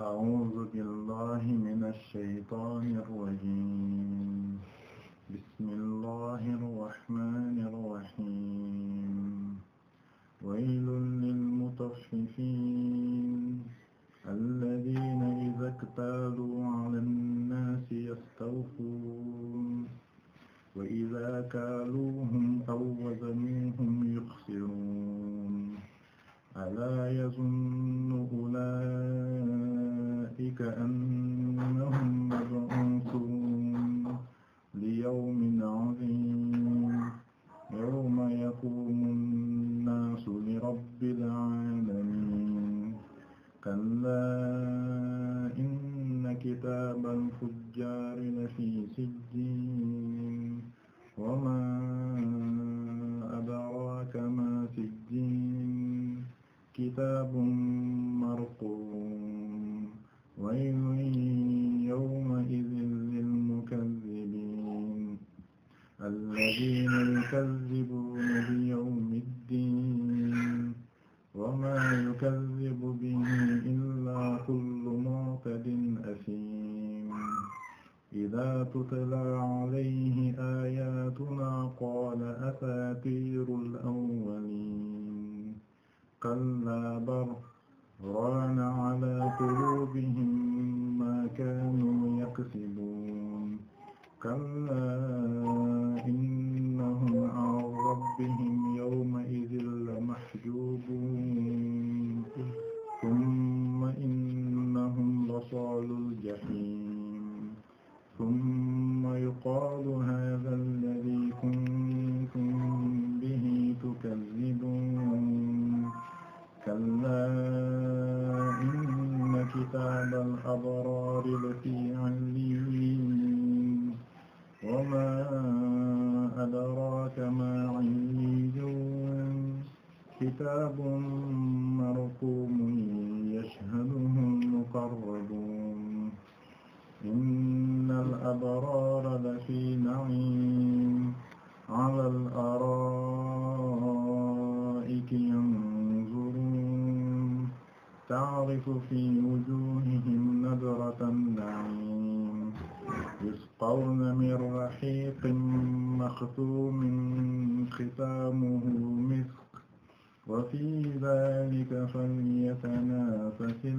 أعوذ بالله من الشيطان الرجيم بسم الله الرحمن الرحيم ويل للمطففين الذين إذا اكتالوا على الناس يستوفون وإذا كالوهم أو وزنوهم يخسرون ألا يظن أولئك كأنهم مبعوثون ليوم عظيم يوم يقوم الناس لرب العالمين كلا إن كتاب الفجار لفي سجين وما أدراك ما سجين كتاب ويل يومئذ للمكذبين الذين يكذبون بيوم الدين وما يكذب به إلا كل معتد أثيم إذا تتلى عليه آياتنا قال أساطير الأولين كلا بل raana ala quluubihim ma kaanu yaksibuun kallaa innahum an rabbihim yawma idin la mahjuubuun summa innahum la saalul jahiim summa yuqaalu كتاب مرقوم يشهده المقربون إن الأبرار لفي نعيم على الأرائك ينظرون تعرف في وجوههم نضرة النعيم يسقون من رحيق مختوم ذلك فليتنافس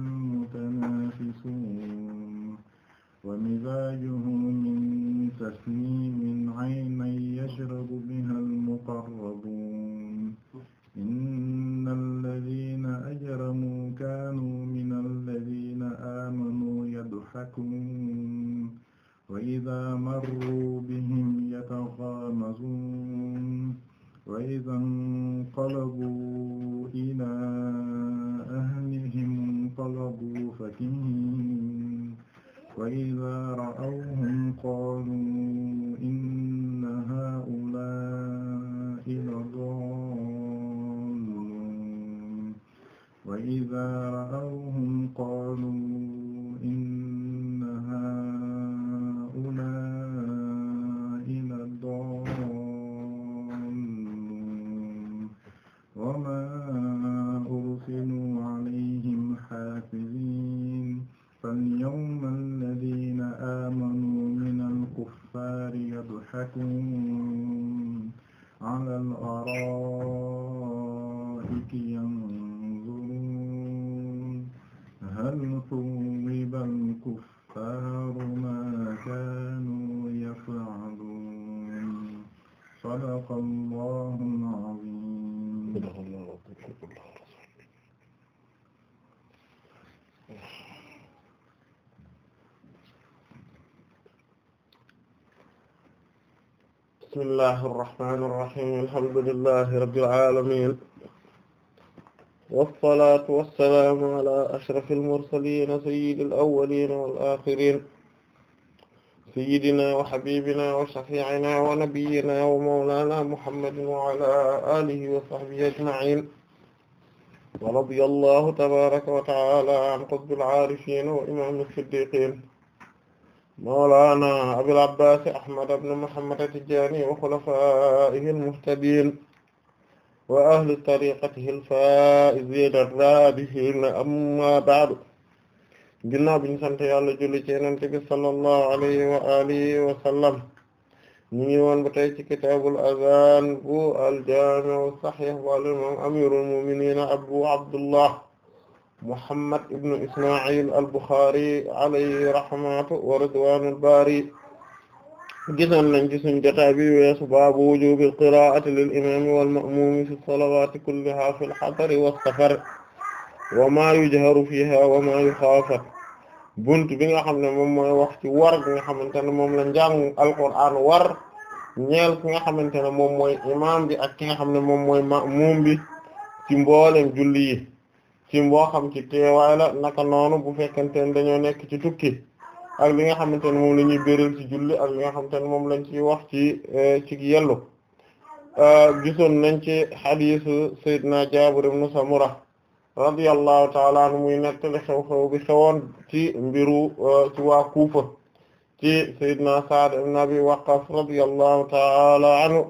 moom arrahmaani irrahim alhamdulillahi rabbil aalamiin wassalaatu wassalaamu ala ashrafil mursaliin sayyidil awwaliin wal aaxiriin sayyidinaa wa habiibinaa wa shafii'inaa wa nabiyyinaa wa mawlaanaa muhammadin wa alaa aalihi wa sahbihi ajma'iin wa radiyallaahu tabaaraka wa ta'aalaa an qutbil aarifiin wa imaamil siddiiqiin mawlaana Abil Abbaas Ahmad ibn Muhammad at-Tijaani wa xulafaa'ihi al-muhtadiin wa ahli tariiqatihi al-faa'iziina ar-raabihiina ammaa ba'du ginnaaw bi ñu sant Yàlla julli ci Yonent bi sallallaahu alayhi wa aalihi wa sallam ñu ngi woon ba tey ci kitaabul azaan bu al-jaami' as-sahiih wal imaam amiirul mu'miniin Abu Abdullah Muhammad ibnu Isma'il al-Bukhari alayhi rahmatu wa ridwaanul baari gisoon nañ ci suñu jotaay bi weesu baabu wujuubil qiraa'ati lil imaami wal ma'muumi fi salawaati kullihaa fil hadari wa maa yujharu fiihaa wa maa yukhaafat bunt bi nga xam ne moom mooy wax ci war bi nga xamante ne moom la njàng Alqur'aan war ñeel ki nga xamante ne moom mooy imaam bi ak ki nga xam ne moom mooy ma'muum bi ci mboolem julli ci moo xam ci teewaay la naka noonu bu fekkente ne dañoo nekk ci tukki ak li nga xamante ne moom la ñuy béral ci julli ak li nga xamante ne moom lañ ciy wax ci eh, ci yellu eh, gisoon nañ ci xadiisu Seydina Jaabir ibn Samura radiyallahu taala anhu muy nettali xew-xew bi xewoon ci mbiru eh, ci waa Kuufa ci Seydina Saad ibn Abi Waqqas taala anhu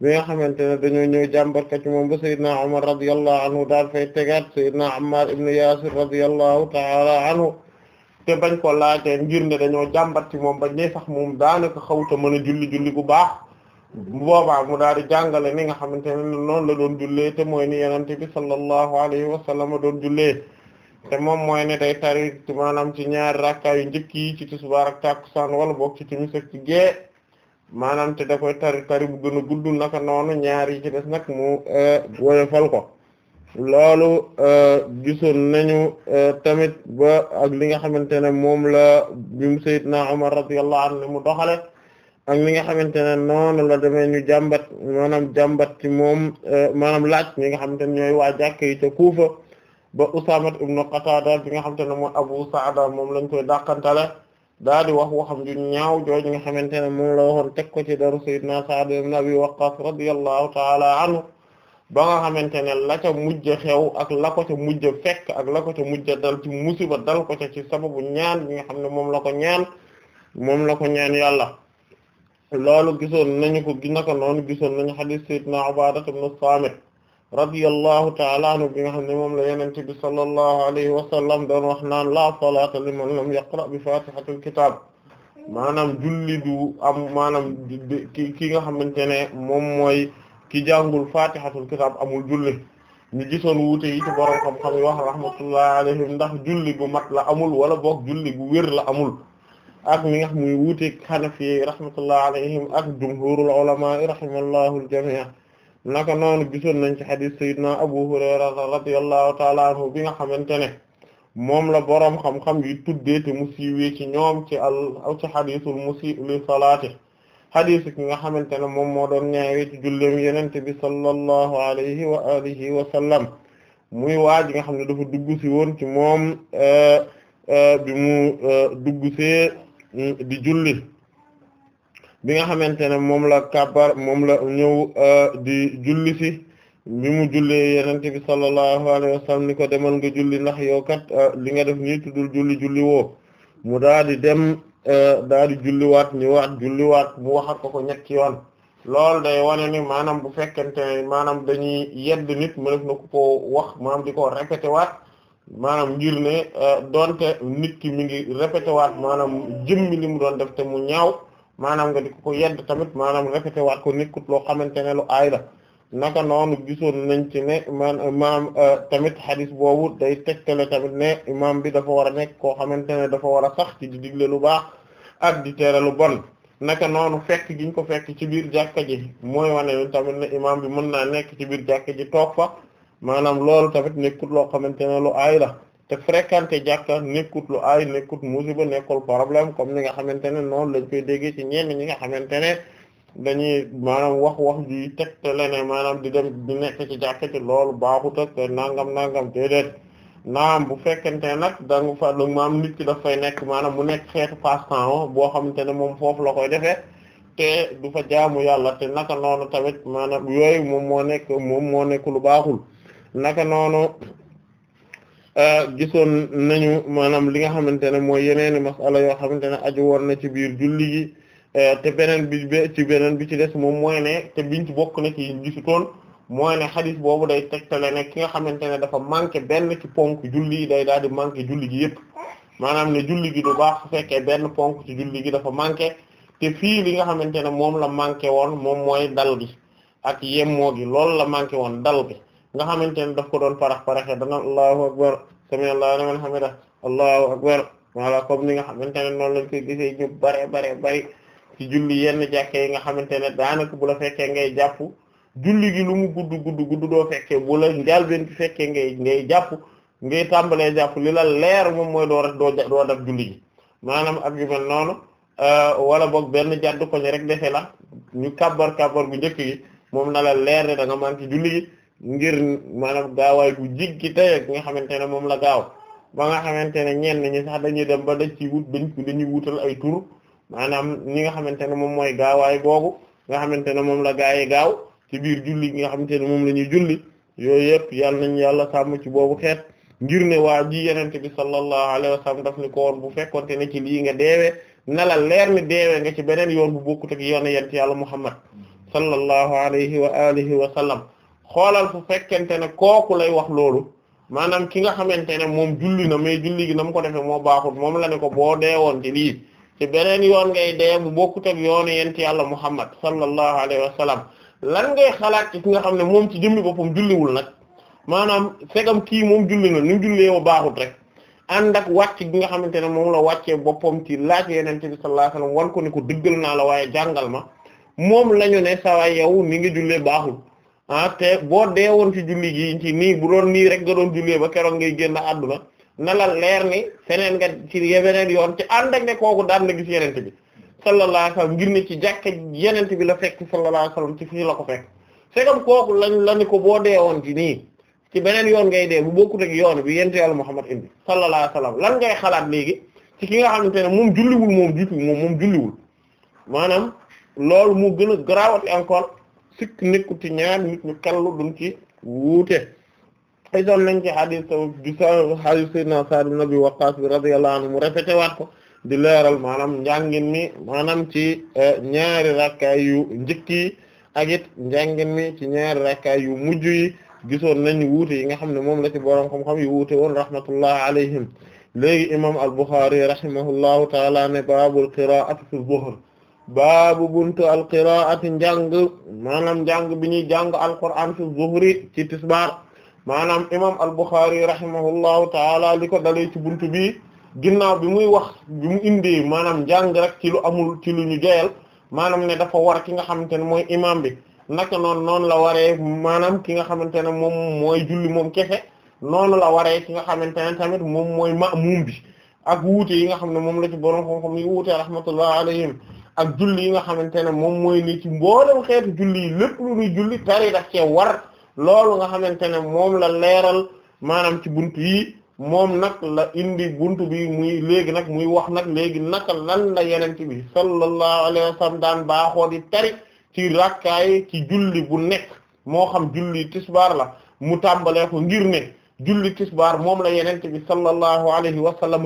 bi nga xamante ne dañoo ñëw jàmbat ko ci moom ba sayyidna Umar radiyallahu daal fay tegaat sayyidna Ammar ibn Yasir radiyallahu ta'ala anhu te bañ ko laajee ngir ne dañoo jàmbat ci moom bañ ne sax moom daanaka xawta mën a julli julli bu baax mu daal di jàngale ni nga xamante ne noonu la doon jullee te mooy ni yenente bi sallallahu alayhi wa sallam doon jullee te moom mooy ne day tari maanaam ci ñaari rakkaa yu njëkk yi ci tisbaar ak takkusaan wala boog ci timis ak ci gée maanaam te da koy tari tari bu gën a gudd naka noonu ñaar yi ci des nag mu euh, woyofal ko loolu euh, gisoon nañu euh, tamit ba ak li nga xamante ne moom la bimu Seydina Umar radiyallahu anhu mu doxale ak li nga xamante ne noonu la demee ñu jàmbat maanaam jàmbat ci moom maanaam laaj ñi nga xamante ne ñooy waa jàkk yi ca Kuufa ba Usaama ibn Qataada bi nga xamante ne mooy Abu Saada moom lañ koy dàqantale daa di wax waxam ju ñaaw jooju nga xamante ne moom la waxoon teg ko ci daru sayyidina Sa'd ibn Abi Waqqas radiyallahu ta'ala anhu ba nga xamante ne la ca mujj xew ak la ko ca mujj fekk ak la ko ca mujj dal ci musiba dal ko ca ci sababu ñaan bi nga xam ne moom la ko ñaan moom la ko ñaan yàlla loolu gisoon nañu ko gi naka noonu gisoon nañu hadith sayyidina Ubaada ibn Saamit radiyallahu ta'ala anhu bi nga xam ne moom la yenente bi sallallahu alayhi wa sallam doon wax naan la salata liman lam yaqra bi fatihatil kitab maanaam julli du am maanaam ki ki nga xamante ne moom mooy ki jàngul fatihatul kitab amul julli ñu gisoon wuute yi ci borom xam-xam yi rahmatullahi alayhim ndax julli bu mat la amul wala book julli bu wér la amul ak mi nga xam muy wuute xanafi yi rahmatullahi alayhim ak jumhurul ulama rahimahullahu al-jami' naka noonu gisoon nañ ci xadis sayyidina Abu Hurayra radiyallahu taala anhu bi nga xamante ne moom la boroom xam-xam yi tuddee te mu siiwee ci ñoom ci al ci xadisul musii li salaati xadis ki nga xamante ne moom moo doon ñaawee ci julleem yenente bi sallallahu alayhi wa alihi wa sallam muy waa ji nga xam ne dafa dugg si woon ci moom eh, eh, bi eh, mm, di julli bi nga xamante ne moom la kàbbar moom la ñëw euh, di julli si bi mu jullee yenente bi sallallahu alayhi wa ni ko demal nga julli ndax yow kat euh, li nga def nii tuddul julli julli woo mu daa di dem euh, daa di julliwaat ñëwaat julliwaat mu waxat ko ko ñetti yoon loolu day wane ni maanaam bu fekkente ne maanaam dañuy yedd nit mu def na ko koo wax maanaam di ko répété waat maanaam ngir ne donte nit ki mi ngi répété waat maanaam jëmmi li mu doon def te mu ñaaw maanaam nga di ko ko yedd tamit maanaam répété waat ko nekkut loo xamante ne lu aay naka noonu gisoon nañ ci ne man maam euh, tamit xadis boobu day tegtale tamit ne imaam bi dafa war a nekk koo xamante ne dafa war a sax ci di digle lu baax ak di tere bon naka noonu fekk giñ ko fekk ci biir jàkka ji mooy wane ne tamit ne imaam bi mën naa nekk ci biir jàkka ji toog fa maanaam loolu tamit nekkut loo xamante ne lu aay la te fréquenter jàkka nekkut lu aay nekkut musiba nekkul problème comme ni nga xamante ne noonu lañ koy déggee ci ñenn ñi nga xamante ne dañuy maanaam wax wax ji tegtale ne maanaam di dem di nekk ci jàkka ci loolu baaxut ak nangam nangam déedéet naam bu fekkente nag dangu nga fa maam nit ki daf fay nekk maanaam mu nekk xeetu passe boo xamante ne moom foofu la koy defee te du fa jaamu yàlla te naka noonu tamit maanaam yooyu moom moo nekk moom moo nekk lu baaxul naka noonu. Euh, gisoon nañu maanaam li nga xamante ne mooy yeneeni masala yoo xamante ne aju na ci biir julli gi euh, te beneen bi ci beneen bi ci des moom mooy ne te biñ bokk na ci gisutoon mooy ne xadis boobu day tegtale ne ki nga xamante ne dafa manqué benn ci ponk julli day daal di manqué julli gi yëpp maanaam ne julli gi du baax su fekkee benn ponk ci julli gi dafa manqué te fii li nga xamante ne moom la manqué woon moom mooy dal gi ak yemmoo gi loolu la manqué woon dal gi nga xamante ne daf ko doon parax paraxe dana allahu akbar sami allahu liman hamida allahu akbar wala comme ni nga xamante ne noonu lañ ki gisee ñu bare bare bari ci julli yenn jàkke yi nga xamante ne daanaka bu la fekkee ngay jàpp julli gi lu mu gudd gudd gudd doo fekke bu la njaal benn fekkee ngay ngay jàpp ngay tàmbalee jàpp li la leer moom mooy doo rek doo doo def julli gi maanaam ak yu mel noonu euh, wala boog benn jàddu ko rek defe la ñu kàbbar kàbbar bu njëkk gi moom na leer ne da nga manqué julli gi ngir maanaam gaawaay bu jiggi tey ak nga xamante ne moom la gaaw ba nga xamante ne ñenn ñi sax dañuy dem ba dañ ci wut dañ dañuy wutal ay tur maanaam ñi nga xamante ne moom mooy gaawaay googu nga xamante ne moom la gaa yi gaaw ci biir julli gi nga xamante ne moom la ñuy julli yooyu yëpp yàlla nañ yàlla sàmm ci boobu xeet ngir ne waa ji yenente bi sallallahu alayhi wa sallam daf ni ko woon bu fekkonte ne ci lii nga deewee na la leer ni deewee nga ci beneen yoon bu bokkut ak yoon yent yàlla muhammad sallallahu alayhi wa alihi wa sallam xoolal fu fekkente ne kooku lay wax loolu maanaam ki nga xamante ne moom julli na mais julli gi na mu ko defee moo baaxul moom la ne ko boo deewoon ci lii ci beneen yoon ngay dee bu bokkut ak yoonu yent yàlla Muhammad sallallahu alayhi wa sallam lan ngay xalaat ci ki nga xam ne moom ci jëmmi boppam julliwul nag maanaam segam kii moom julli na ni mu jullee ma rek ànd ak wàcc gi nga xamante ne moom la wàccee boppam ci laaj yeneen bi sallallahu alayhi wa sallam wan ko ni ko dëggal naa la waaye jàngal ma moom lañu ne saa yow ni nga jullee baaxul. ah te boo deewoon ci julli gi ci nii bu doon nii rek nga doon jullee ba keroog ngay génn àdduna na la leer ni feneen nga ci yeneen yoon ci ànd ak ne kooku daan na gis yenente bi sallallahu alayhi wasallam ngir ci jàkka yenente bi la fekk sallallahu alayhi wasallam ci fii la ko fekk c'est comme kooku lañ la ni ko boo deewoon ci nii ci beneen yoon ngay dee bu bokkut ak yoon bi yente yàlla Muhammad indi sallallahu alayhi wasallam lan ngay xalaat léegi ci ki nga xamante ne moom julliwul moom jiitu moom moom julliwul maanaam loolu mu gën a garaawati encore sikk nekkut ci ñaar nit ñu kallu duñ wuute aysoon nañ ci hadith du sa hadith sayyidina Sa'd ibn Abi bi radiyallahu anhu mu répété ko di leeral maanaam njàngin mi maanaam ci eh, ñaari rakkaay yu njëkk yi ak it mi ci ñaari rakkaay yu mujj yi gisoon nañ wuute yi nga xam ne moom la ci borom xam-xam yu wuute woon rahmatullah alayhim léegi imam al-Bukhari rahimahullahu taala ne baabul qira'ati fi dhuhr baabu buntu alqiraati njàng maanaam njàng bi ñuy jàng alquraan fi zuhri ci tisbaar maanaam imam al-Bukhari rahimahullahu taala li ko dalee ci buntu bi ginnaaw bi muy wax bi mu indee maanaam njàng rek ci lu amul ci lu ñu joyal maanaam ne dafa war ki nga xamante ne mooy imam bi naka noonu noonu la waree maanaam ki nga xamante ne moom mooy julli moom kefe noonu la waree ki nga xamante ne tamit moom mooy ma'mum bi ak wuute yi nga xam ne moom la ci borom xam-xam yi wuute rahmatullah alayhim ak julli yi nga xamante ne moom mooy ni ci mboolem xeetu julli yi lépp lu ñuy julli tari daf cee war loolu nga xamante ne moom la leeral maanaam ci buntu yi moom nag la indi buntu bi muy léegi nag muy wax nag léegi naka lan la yenente bi sallallahu alayhi wa sallam daan baaxoo di tari ci rakkaay ci julli bu nekk moo xam julli tisbaar la mu tàmbalee ko ngir ne julli tisbaar moom la yenente bi sallallahu alayhi wa sallam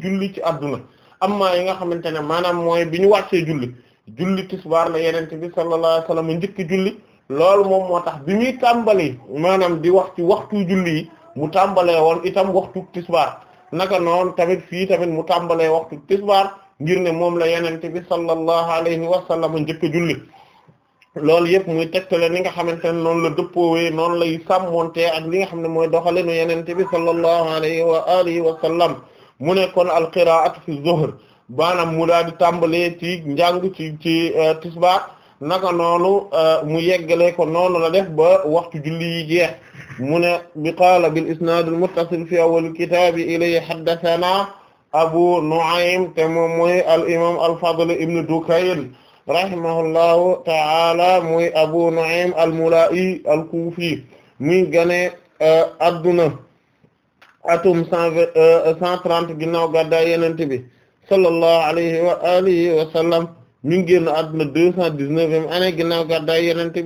julli ci adduna amma yi nga xamante ne maanaam mooy bi ñu wàccee julli julli tisbaar la yenente bi sallallahu alayhi wasallam njëkk julli lool moom moo tax bi muy tàmbali maanaam di wax ci waxtu julli yi mu tàmbalee woon itam waxtu tisbaar naka noon tamit fii tamit mu tàmbalee waxtu tisbaar ngir ne moom la yenente bi sallallahu alayhi wasallam njëkk julli loolu yëpp muy tegtale ni nga xamante ne noonu la dëppoowee noonu lay sàmmonte ak li nga xam ne mooy doxalinu yenente bi sallallahu alayhi wa alihi wa sallam mu ne kon al qiraatu fi zuhr maanaam mu daal di tàmbalee ci njàng ci ci euh, tisbaar naka noonu euh, mu yeggale ko noonu la def ba waxtu julli yi jeex mu ne bi qaala bil isnaad al muttasil fi awwal kitaabi ilay haddathana abu nu'aym te moom mooy al imam al fadl ibn dukayl rahimahullahu ta'ala mooy abu nu'aym al mulaa'i al kuufi muy gane euh, adduna atum cent vingt euh, cent trente ginnaaw gàddaay yenente bi sallallahu alayhi wa alihi wa sallam ñu ngi génn àdduna deux cent dix-neuvième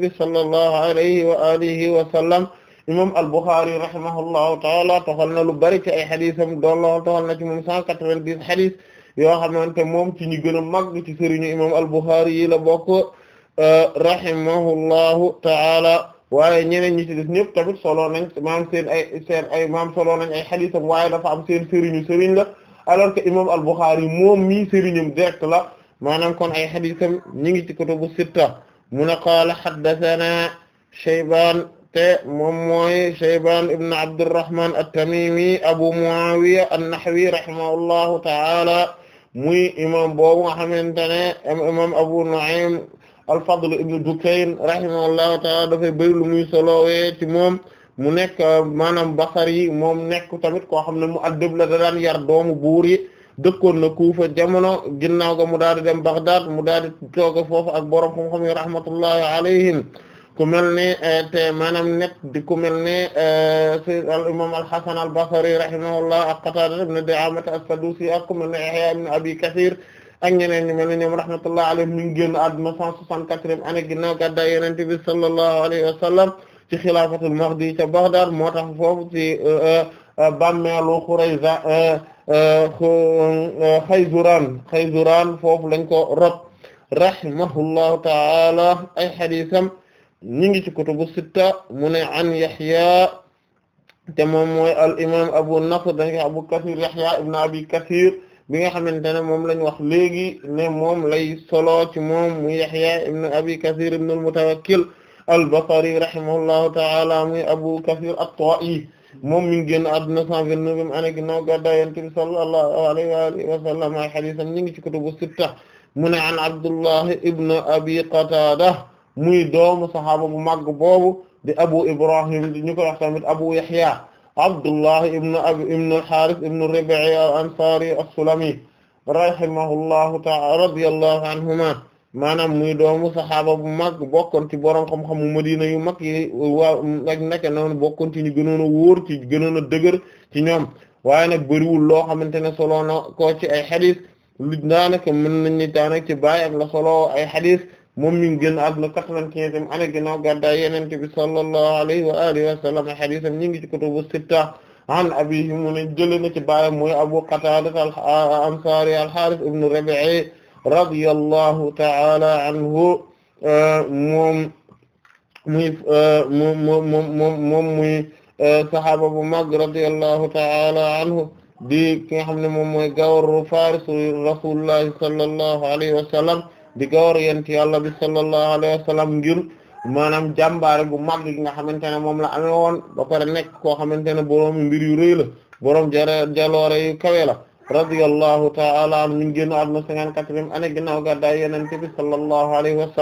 bi sallallahu alayhi wa alihi wa sallam imam al-Bukhari rahimahullahu taala toxal lu bari ay xadisam doollool toxal na ci moom cent quatre-vingt-dix xadis yoo xamante moom ci ñi gën a màgg ci sëriñu imam al-Bukhari yi la bokk euh, rahimahullahu taala waaye ñeneen ñi ci des ñëpp tamit solo nañ maam seen ay seen ay maam solo nañ ay xadiisam waaye dafa seen sëriñu sëriñ la alors que imam al-Bukhari moom mi sëriñum direct la maanaam kon ay xadiisam ñi ngi ci kutubu sitta mu na qaala haddathana Shaybaan te moom mooy Shaybaan ibn Abdurrahman at-Tamimi Abu Muawiya an-Nahwi rahimahullahu ta'ala muy imam boobu nga xamante Abu Nu'aym al-Fadl ibn Dukayn rahimahullahu ta'ala dafay bëri lu muy solowee ci moom mu nekk euh, maanaam Basri moom nekk tamit koo xam ne mu addëb la da daan yar doomu buur yi dëkkoon na Kuufa jamono ginnaaw ga mu daal di dem Baghdad mu daal di tooge foofu ak borom xam-xam yi rahmatullahi alayhim ku mel ne euh, te maanaam net di ku mel ne euh, al imam al Hasan al Basri rahimahullah ak Qatada ibn Di'amah as-Sadusi ak ku mel ne Yahya ibn Abi Kathir ak ñeneen ñu mel ne ñoom rahmatullahi alayhim ñu ngi génn àdduna 164e année ginnaaw gàddaay Yonent bi sallallahu alayhi wa sallam ci xilaafatul Mahdi ca Baghdad moo tax foofu ci euh, euh, bàmmeelu Khurayza Khayzuran euh, Khayzuran foofu lañ ko rot ta'ala ay xadiisam ñi ngi ci kutubu sitta mu an Yahya te moom mooy al imam Abu Nasr Abu Kathir Yahya ibn Abi Kathir bi nga xamante ne moom lañ wax léegi ne moom lay solo ci moom muy Yahya ibn Abi Kathir ibn al-Mutawakkil al Abu Kathir at moom mi ngi génn àdduna 129 ane ginnaaw gàddaay Yonent bi sallallahu alayhi wa alihi wa sallam ay hadiisam ñu ngi ci kutubu sitta mu ne an Abdullah ibn Abi Qatada muy doomu saxaaba bu màgg boobu di Abu Ibrahim di ñu koy Abu Yahya Abdullah ibn Abi ibn al-Harith ibn Rib'i al-Ansari as-Sulami rahimahullahu ta'ala radiyallahu anhuma maanaam muy doomu saxaaba bu mag bokkoon ci borom xam-xamu Madina yu mag yi waa ak nekk noonu bokkoon ci ñu gënoon a wóor ci gënoon a dëgër ci ñoom waaye nag bëriwul loo xamante ne solo na ko ci ay xadis lu daanaka mën nañu daanaka ci bàyyi ak la solo ay xadis. moom mi ngi génn àdduna quatre-vingt-quinzième année ginnaaw gàddaay Yonent bi sallallahu alayhi wa alihi wa sallam hadiisam ñi ngi ci kutubu sitta an abiihi mu ne jëlee na ci baayam mooy Abu Qataada al-Ansaari al-Haaris ibn Rabi'i radiyallahu ta'ala anhu moom muy moom moom moom muy saxaaba bu mag radiyallahu ta'ala anhu di ki nga xam ne moom mooy gawru faarisu Rasuulullahi sallallahu alayhi wa sallam di gawar yent bi sallallahu alayhi wa sallam ngir maanaam jàmbaare bu mag gi nga xamante ne moom la amee woon ba pare nekk koo xamante ne boroomi mbir yu rëy la boroom jaloore yu kawe la radiyallahu ta'ala anhu min génn aduna cinquante-quatrième année ginnaaw gàddaay yonent bi sallallahu alayhi wa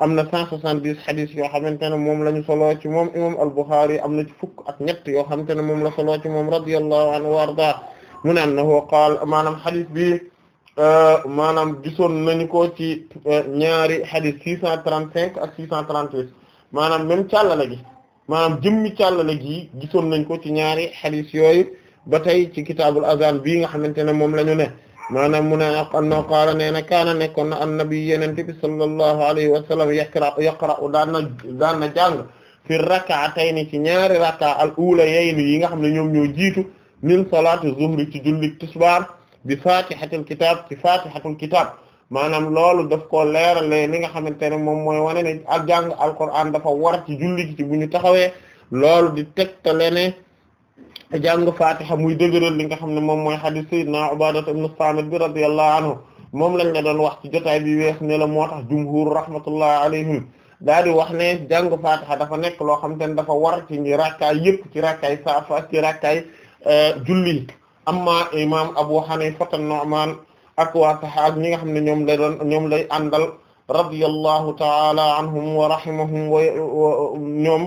am na cent soixante hadis yoo xamante ne moom la ñu soloo ci moom imam al-Bukhari am na ci fukk ak ñett yoo xamante ne moom la soloo moom radiyallahu anhu wa arda mu ne annahu Euh, maanaam gisoon nañu ko ci euh, ñaari hadith 635 ak 638 maanaam même càllale gi maanaam jëmmi càllale gi gisoon nañ ko ci ñaari hadith yooyu ba tey ci kitaabul azan bii nga xamante ne moom la ñu ne maanaam mu ne anna qaala nee na kaana nekkoon na annabi yenente bi sallallahu alayhi wa sallam yaqra yaqra'u daan na daan na jàng fi rak'atayni ci ñaari rak'a al ula yayni yi nga xam ne ñoom ñoo jiitu min salaatu zuhri ci julli tisbaar bi fatihatul kitab ci fatihatul kitab maanaam loolu def ko leerale li nga xamante ne moom mooy wane ne ak jàng alquran dafa war ci julli gi ci bu ñu taxawee loolu di tegtale ne jàng fatiha muy dëgëral li nga xam ne moom mooy hadith sayyidina Ubaadata ibn Saamit bi radiyallahu anhu moom lañ la doon wax ci jotaay bi wees ne la moo tax jumhur rahmatullahi alayhim daa di wax ne jàng fatiha dafa nekk loo xam te dafa war ci ñi rakkaay yëpp ci rakkaay safa ci rakkaay euh, julli amma imam Abu Hanifa an-Nu'man ak waa sahaab ñi nga xam ne ñoom lay doon ñoom lay àndal radiyallahu taala anhum wa rahimahum wa ñoom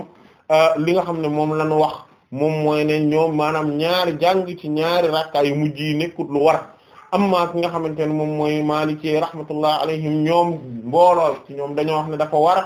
euh, li nga xam ne moom lañu wax moom mooy ne ñoom maanaam ñaari jàng ci ñaari rakkaa yu mujj yi nekkut lu war amma ki nga xamante ne moom mooy Maliki rahmatullah alayhim ñoom mbooloo ci ñoom dañoo wax ne dafa war a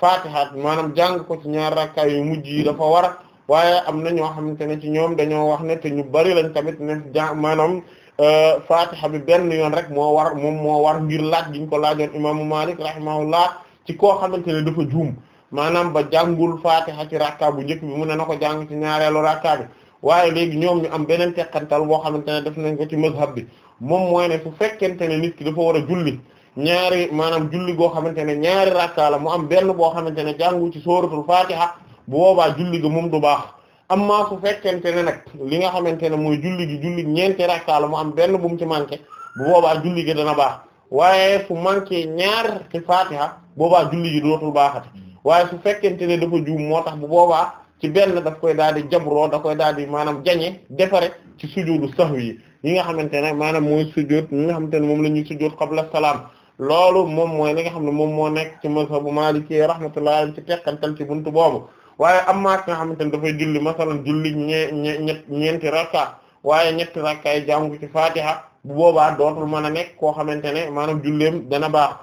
fatiha maanaam jàng ko ci ñaari rakkaa yu mujj yi dafa war waaye am na ñoo xamante ne ci ñoom dañoo wax ne te ñu bari lañ tamit ne ja maanaam euh, fatiha bi benn yoon rek moo war moom moo war ngir laaj giñ ko laajoon imaamu Malik rahimahullah ci koo xamante ne dafa juum maanaam ba jàngul fatiha ci rakka bu njëkk bi mu ne na ko jàng ci ñaareelu rakka bi waaye léegi ñoom ñu am beneen teqantal boo xamante ne def nañ ko ci mazhab bi moom mooy ne su fekkente ne nit ki dafa war a julli ñaari maanaam julli goo xamante ne ñaari rakka la mu am benn boo xamante ne jàngu ci sooratul fatiha bu boobaa julli gi moom du baax amma su fekkente ne nag li nga xamante ne mooy julli gi julli ñeenti rakka la mu am benn bu ci manqué bu boobaa julli gi dana baax waaye su manqué ñaar ci fatiha boobaa julli gi dootul baaxati waaye su fekkente ne dafa juum moo tax bu boobaa ci benn daf koy daal di jabroo da koy daal di maanaam jañe defare ci sujudu sahwi yi yi nga xamante ne maanaam mooy sujud yi nga xamante ne moom la ñuy sujud qabla salaam loolu moom mooy li nga xam ne moom moo nekk ci mazhabu maliki rahmatullahi ci tekkantal ci buntu boobu waaye am ki nga xamante ne dafay julli masalan julli ñee ñe waaye ñetti rakka yi jàngu ci fatiha bu boobaa dootul mën a nekk koo xamante ne maanaam julleem dena baax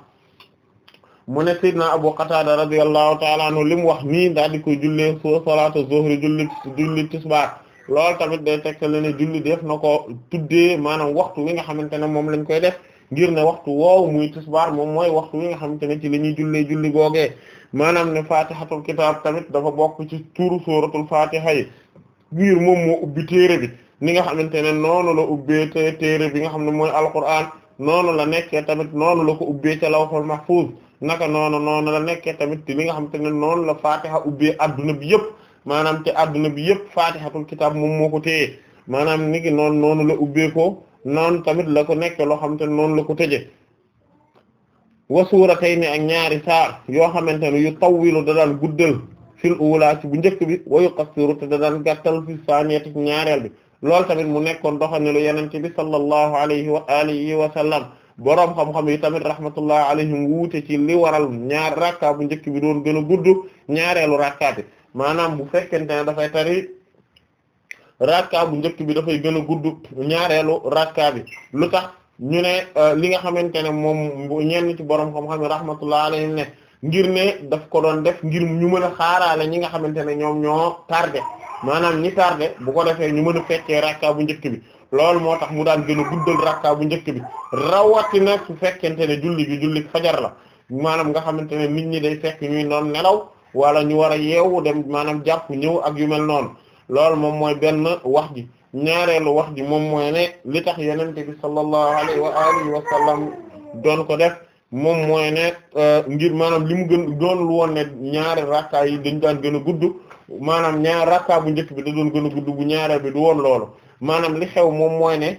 mu ne na Abu Qatada radiyallahu ta'ala anhu li mu wax nii daal di koy jullee soo salaatu zuhri julli julli tisbaar loolu tamit day tegtale ne julli def na ko tuddee maanaam waxtu wi nga xamante ne moom lañ koy def ngir ne waxtu woowu muy tisbaar moom mooy waxtu wi nga xamante ne ci la ñuy jullee julli googee maanaam ne fatihatul kitab tamit dafa bokk ci turu suratul fatiha yi ngir moom moo ubbi téere bi ni nga xamante ne noonu la ubbee téere bi nga xam ne mooy alquran noonu la nekkee tamit noonu la ko ubbee ca lawhul mahfuz naka noonu noonu la nekkee tamit li nga xamante ne noonu la fatiha ubbee adduna bi yëpp maanaam te adduna bi yëpp fatihatul kitab moom moo ko téye maanaam ni ki noonu noonu la ubbee ko noonu tamit la ko nekk loo xamante ne noonu la ko tëje wa suuratayni ak ñaari saar yoo xamante ne yu tawwilu da daan guddal fil uulaa bu njëkk bi wa yuqassiru te da daan gàttal fi saaniyati ñaareel bi loolu tamit mu nekkoon doxalinu yonent bi sallallahu alayhi wa alihi wa sallam boroom xam-xam yi tamit rahmatullah alayhim wuute ci li waral ñaar rakka bu njëkk bi doon gën a gudd ñaareelu rakka bi maanaam bu fekkente ne dafay tari. rakka bu njëkk bi dafay gën a gudd ñaareelu rakka bi lu tax ñu ne euh, li nga xamante ne moom ñenn ci borom xam-xam yi rahmatullah alayhi ne ngir ne daf ko doon def ngir ñu mën a xaaraale ñi nga xamante ne ñoom ñoo tardé maanaam ñi tardé bu ko defee ñu mën a fekkee rakka bu njëkk bi loolu moo tax mu daan gën a guddal rakka bu njëkk bi rawatina su fekkente ne julli bi julli fajar la maanaam nga xamante ne nit ñi day fekk ñuy noon nelaw wala ñu war a yeewu dem maanaam jàpp ñëw ak yu mel noonu loolu moom mooy benn wax ji ñaareelu wax ji moom mooy ne li tax yenente bi sallallahu alayhi wa alihi wa sallam doon ko def moom mooy ne euh, ngir maanaam li mu gën doonul woon ne ñaari rakka yi dañ daan gën a gudd maanaam ñaar rakka bu njëkk bi da doon gën a gudd bu ñaareel bi du woon loolu maanam li xew moom mooy ne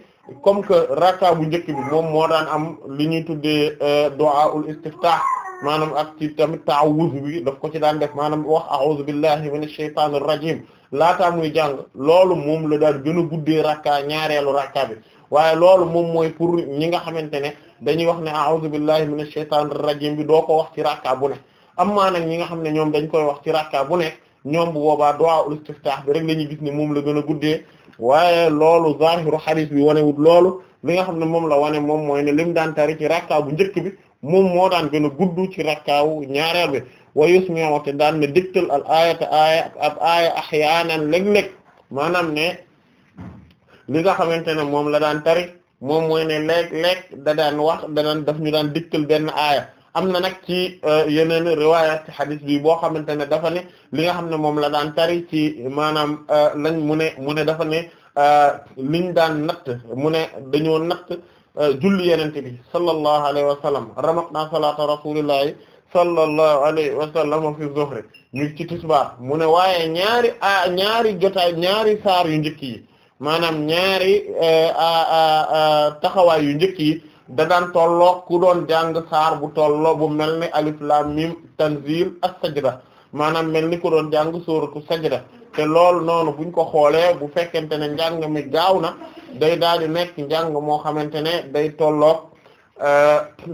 comme que rakka bu njëkk bi moom moo daan am li ñuy tuddee euh, du'a ul istiftah maanaam ak ci tamit ta'awuz bi daf ko ci daan def maanaam wax a'udhu billahi minash shaytanir rajim laataa muy jàng loolu moom la daal gën a rakka ñaareelu rakka bi waaye loolu moom mooy pour ñi nga xamante ne dañuy wax ne a'udhu billahi minash shaitanir rajim bi doo ko wax ci rakka bu ne amma nag ñinga xam ne ñoom dañ koy wax ci rakka bu ne ñoom bu boobaa du'a ul istiftah bi rek la ñuy gis ne moom la gën a guddee waaye loolu zahiru hadith bi wanewut loolu li nga xam ne moom la wane moom mooy ne lim daan tari ci rakka bu njëkk bi moom moo daan gën a gudd ci rakkaawu ñaareel bi wa yusmi'u te daan na dégtal al ayata aaya ab aaya ahyaanan léeg-léeg maanaam ne li nga xamante ne moom la daan tari moom mooy ne léeg-léeg da daan wax da daf ñu daan dégtal benn aaya am na nag ci euh, yeneen riwaaya ci xadis bi boo xamante ne dafa ne li nga xam ne moom la daan tari ci maanaam euh, lañ mu ne mu ne dafa ne euh, liñ daan natt mu ne dañoo natt julli yenente bi sallallahu alayhi wa sallam ramat salaata rasulillahi sallallahu alayhi wa sallam fi zuhri ñu ci tisbaar mu ne waaye ñaari ñaari jotaay ñaari saar yu njëkk yi maanaam ñaari e, taxawaay yu njëkk yi da tolloo ku doon jàng saar bu tolloo bu mel ni alif lam mim tanzil ak sajda maanaam mel ni ku doon jàng suuratu sajda te loolu noonu buñ ko xoolee bu fekkente ne njàng mi gaaw na day daal di nekk njàng moo xamante ne day tolloo e,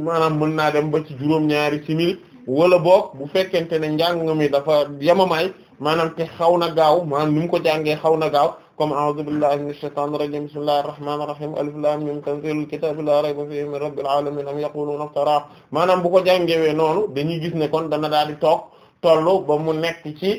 maanaam mën naa dem ba ci juróom-ñaari simili wala boog bu fekkente ne njàng mi dafa yemamaay maanaam te xaw na gaaw maanaam ni mu ko jàngee xaw na gaaw comme a'uuzu billahi minash shaytaanir rajiim bismillahir rahmaanir rahiim alif laam miim tanziilul kitaabi laa rayba fiihi min rabbil aalamiin am yaquuluuna iftaraa maanaam bu ko jàngewee noonu dañuy gis ne kon dana daal di toog tollu ba mu nekk ci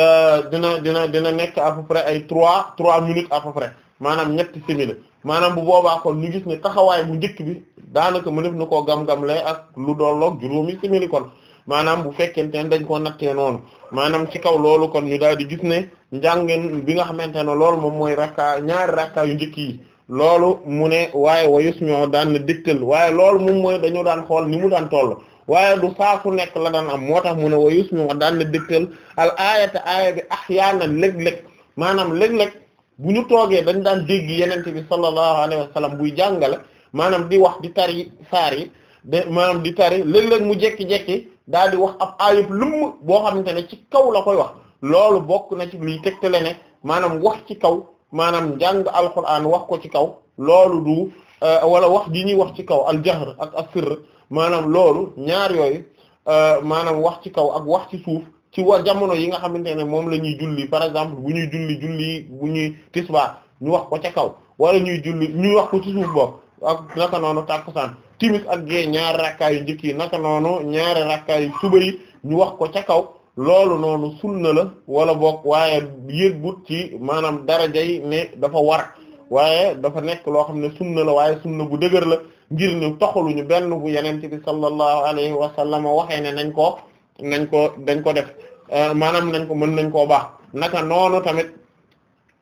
euh, dina dina dina nekk à peu ay trois trois minutes à peu près maanaam ñetti simili maanaam bu boobaa kon ñu gis ni taxawaay bu njëkk bi daanaka mu def na koo gam-gamle ak lu dolloog juróomi simili kon maanaam bu fekkente ne dañ koo nattee noonu maanaam ci kaw loolu kon ñu daal di gis ne njàngeen bi nga xamante ne loolu moom mooy rakka ñaari rakka yu njëkk yi loolu mu ne waaye wayus ñoo daan na dégtal waaye loolu moom mooy dañoo daan xool ni mu daan toll waaye du saasu nekk la daan am moo tax mu ne wayus ñoo daan na dégtal al aayata aaya bi ahyaanan léeg-léeg maanaam léeg-léeg bu ñu toogee dañ daan dégg yenente bi sallallahu alayhi wa buy jàngale maanaam di wax di tari saar yi de di tari léeg-léeg mu jekki-jekki daal di wax ab aayub lëmm boo xamante ne ci kaw la koy wax loolu bokk na ci liy le ne maanaam wax ci kaw maanaam jàng alquran wax ko ci kaw loolu du euh, wala wax ji ñuy wax ci kaw aljahr ak asirr maanaam loolu ñaar yooyu euh, maanaam wax ci kaw ak wax ci suuf ci wa jamono yi nga xamante ne moom la ñuy julli par exemple bu ñuy julli julli bu ñuy tisbaar ñu wax ko ca kaw wala ñuy julli ñuy wax ko ci suuf bopp ak naka noonu tàkkusaan timis ak gée ñaari rakkaa yu njëkk yi naka noonu ñaari rakkaa yu suba yi ñu wax ko ca kaw loolu noonu sunna la wala boog waaye yëggut ci maanaam daraja yi ne dafa war waaye dafa nekk loo xam ne sunna la waaye sunna bu dëgër la ngir ne toxaluñu benn bu yeneen bi sallallahu alayhi wa sallam waxee ne nañ ko nañ ko dañ ko def euh, maanaam nañ ko mën nañ koo baax naka noonu tamit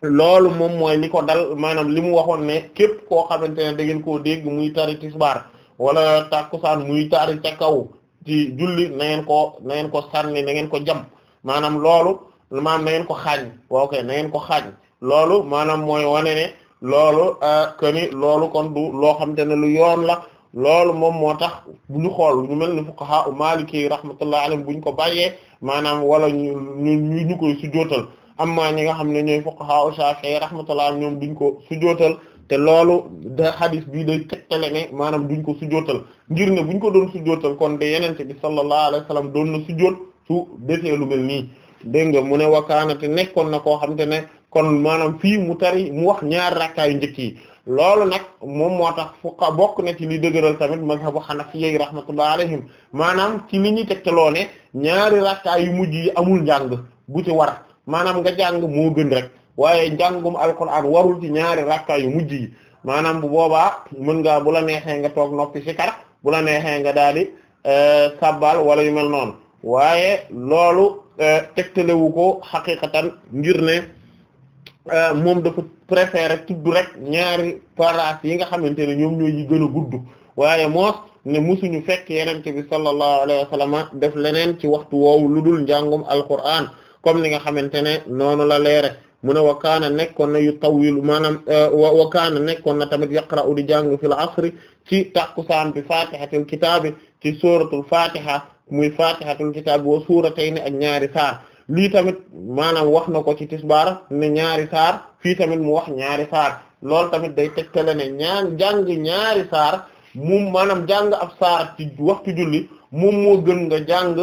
loolu moom mooy li ko dal maanaam li mu waxoon ne képp koo xamante ne da ngeen koo dégg muy tari baar wala tàkkusaan muy tari ca kaw ci julli nangeen ngeen ko na ngeen ko sànni na ngeen ko jam maanaam loolu maanaam na ngeen ko xaañ waaw kay na ngeen ko xaañ loolu maanaam mooy wane loolu euh, que loolu kon du loo xam ne lu yoon la loolu moom moo tax bu ñu xool ñu mel ni fuqaha u maliki rahmatullahi alayhim bu ñu ko bàyyee maanaam wala ñu ñu ñu koy sujootal amma ñi nga xam ne ñooy fuqaha u shafi'i rahmatullahi ñoom duñ ko sujootal te loolu da hadis bii day tegtale ne maanaam duñ ko sujootal ngir ne buñ ko doon sujootal kon de yeneen bi sallallahu alayhi wasallam doon na sujoot su defee lu mel nii dégg nga mu ne wakkaanate nekkoon na koo xam te ne kon maanaam fii mu tari mu wax ñaar rakkaayu njëkk yi loolu nag moom moo tax fuqa bokk na ci li dëgëral tamit mazhabu hanafiyyi rahmatullah alayhim maanaam ci li ñuy tegtaloo ne ñaari rakkaa yu mujj yi amul njàng bu ci war maanaam nga jàng moo gën rek waaye njàngum alquran warul ci ñaari rakkaa yu mujj yi maanaam bu boobaa mën nga bu la neexee nga toog noppi si kar bu la neexee nga daal di euh, sabbal wala yu mel noonu waaye loolu euh, tegtalewu ko xaqiqatan ngir ne Euh, moom dafa préféré tudd rek ñaari paraas yi nga xamante ne ñoom ñoo yi gën a gudd waaye moos ne musuñu fekk yenente bi sallallahu alayhi wa sallam def leneen ci waxtu woowu lu dul njàngum alquran comme li nga xamante ne noonu la leere mu ne wa kaana nekkoon na yu tawwilu maanaam euh, wa kaana nekkoon na tamit yaqra'u di jàng fil asri ci takkusaan bi fatihatul kitaabi ci suratul fatiha muy fatihatul kitaabi wa suuratayni ak ñaari saar lii tamit maanaam wax na ko ci tisbaar ne ñaari saar fii tamit mu wax ñaari saar loolu tamit day tegtale ne ñaan jàng ñaari saar moom maanaam jàng ab saar ci waxtu julli moom moo gën nga jàng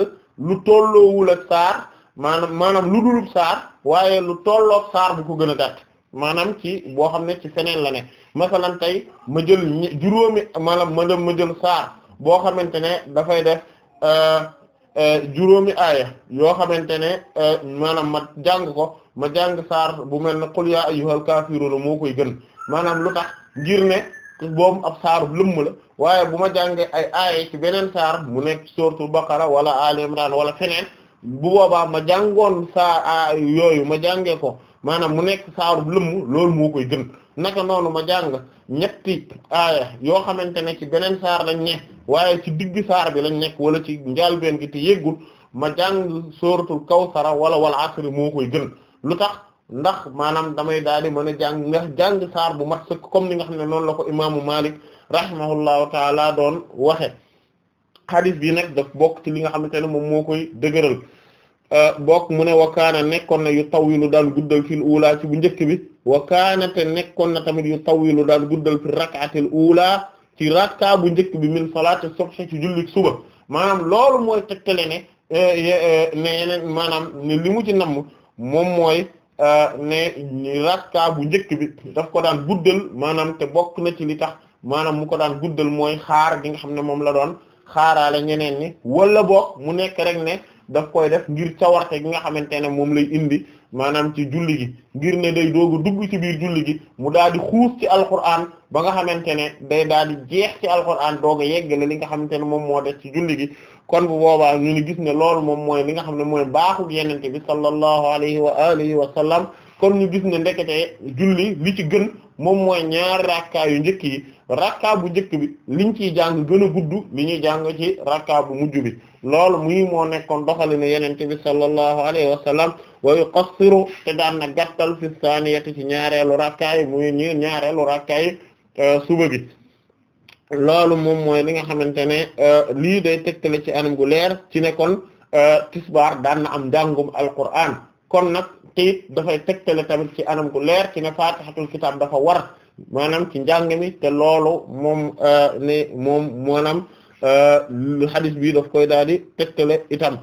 lu tolloowul ak saar maanaam maanaam lu dulub saar waaye lu tollook saar bu ko gën a gàtt maanaam ci boo xam ne ci feneen la ne masalan tey ma jël juróomi maanaam ma dem ma jël saar boo xamante ne dafay def euh, Eh, juróomi aaya yoo xamante ne eh, maanaam ma jàng ko ma jàng saar bu mel ne qul yaa ayyuhal kaafiruuna moo koy gën maanaam lu tax ngir ne boobu ab saaru lëmm la waaye bu ma jàngee ay aaya ci beneen saar mu nekk suuratul baqara wala aali wala feneen bu boobaa ma jàngoon saa yooyu ma jàngee ko maanaam mu nekk saaru lëmm loolu moo koy gën naka noonu ma jàng ñetti aaya yoo xamante ne ci beneen saar lañ ne waaye ci digg saar bi lañ nekk wala ci njaalbeen gi te yeggul ma jàng sóoratul kawsara wala wala asri moo koy lu tax ndax maanaam damay daal di mën a jàng ndax jàng saar bu mat sëkk comme ni nga xam ne noonu la ko imaamu Malik rahimahullahu taala doon waxe xadis bi nag daf bokk ci li nga xamante ne moom moo koy dëgëral euh, bokk mu ne wa kaana nekkoon na yu tawilu daan guddal fil uulaa ci bu njëkk bi wa kaana te nekkoon na tamit yu tawilu daan guddal fi rak'atil uulaa ci rakka bu njëkk bi min salaati subh ci julli suba maanaam loolu mooy tegtale ne eh, eh, ne maanaam ne li mu ci namm moom mooy eh, ne rakka bu njëkk bi daf ko daan guddal maanaam te bokk na ci li tax maanaam mu ko daan guddal mooy xaar gi nga xam ne moom la doon xaaraale ñeneen ñi walla boog mu nekk rek ne daf koy def ngir cawarte gi nga xamante ne moom lay indi maanaam ci julli gi ngir ne day doog a dugg ci biir julli gi mu daal di xuus ci alquran ba nga xamante ne day daal di jeex ci alquran doog a yeggale li nga xamante ne moom moo des ci julli gi kon bu boobaa ñu ni gis ne loolu moom mooy li nga xam ne mooy baaxu yenente bi sallallahu alayhi wa alihi wa sallam kon ñu gis ne ndekete julli li ci gën moom mooy ñaar rakka yu njëkk yi rakka njëkk bi liñ ciy jàng gën a gudd li ñuy jàng ci rakka bu mujj loolu muy moo nekkoon doxali ne yenente bi sallallahu alayhi wa wa yuqassiru te daan na gàttal fi saaniyati ci ñaareelu rakkaay muy ñi ñaareelu rakkaay euh, suba bi loolu moom mooy li nga xamante ne euh, lii day tegtale ci anam gu leer ci ne kon euh, tisbaar daan na am njàngum Alqur'aan kon nag te it dafay tegtale tamit ci anam gu leer ci ne faatihatul kitaab dafa war maanaam ci njàng mi te loolu moom ne moom maanaam hadith bi daf koy daal di tegtale itam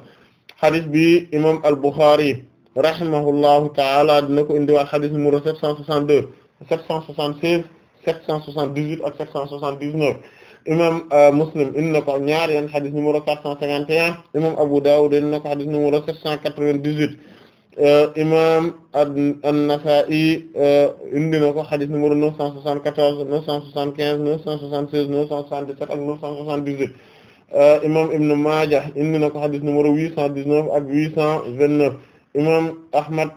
hadith bi imam al-Bukhari rahimahullahu taala dina ko indiwaat xadis numéro 762 776 778 ak 779 imam euh, Muslim indi na ko ñaari yoon xadis numéro 451 imam Abu Dawud indi na ko xadis numéro 798 euh, imam An-Nasa'i euh, indi na ko xadis numéro 974 975 976 977 ak 978 imam Ibn Maaja indi na ko xadis numéro 819 ak 829 imam Ahmad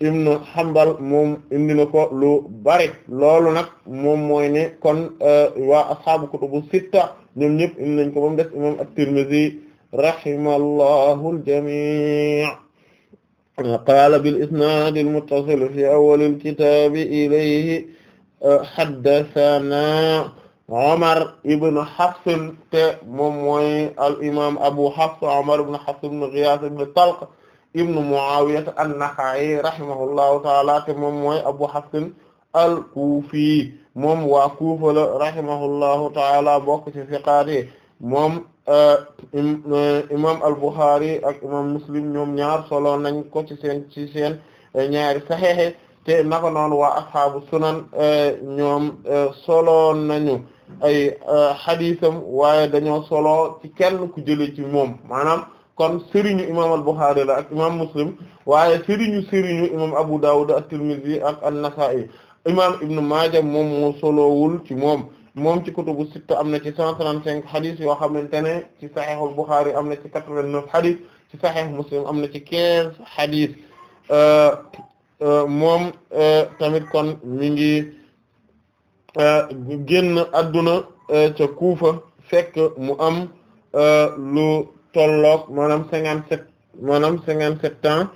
ibn Hanbal moom indi na ko lu bari loolu nag moom mooy ne kon euh, waa ashaabu kutubu sitta ñoom ñëpp indi nañ ko ba mu des imam at-Tirmidhi rahimallahu al-jami' qaala bil-isnaad al-muttasil fi awwal al-kitaab ilayhi haddathanaa Omar ibn Hafs te moom mooy al imam Abu Hafs Omar ibn Hafs ibn Ghiyaas ibn Talq ibnu Muawiyah an-Nakha'i rahimahullahu taala te moom mooy Abu Hafs al-Kufi moom waa Kufa la rahimahullahu taala bokk ci siqaat moom eh, eh, imam al-Bukhari ak imam Muslim ñoom ñaar solo nañ ko ci seen ci seen eh, ñaari saxiix te naka noonu waa ashaabu sunan ñoom solo nañu ay xadiisam waaye dañoo solo ci kenn ku jëlee ci moom maanaam kon sëriñu imam al-Bukhari la ak imam Muslim waaye sëriñu sëriñu imam Abu Dawud at-Tirmidhi ak an-Nasa'i imam Ibn Maaja moom moo solowul ci moom moom ci kutubu sitta am na ci 135 hadith yoo xamante ne ci Sahih al-Bukhari am na ci 89 hadith ci Sahih Muslim am na ci 15 hadith euh, euh, moom euh, tamit kon mi ngi génn adduna ca Kufa fekk mu am lu. tolloog maanaam cinquante-sept maanaam cinquante-sept ans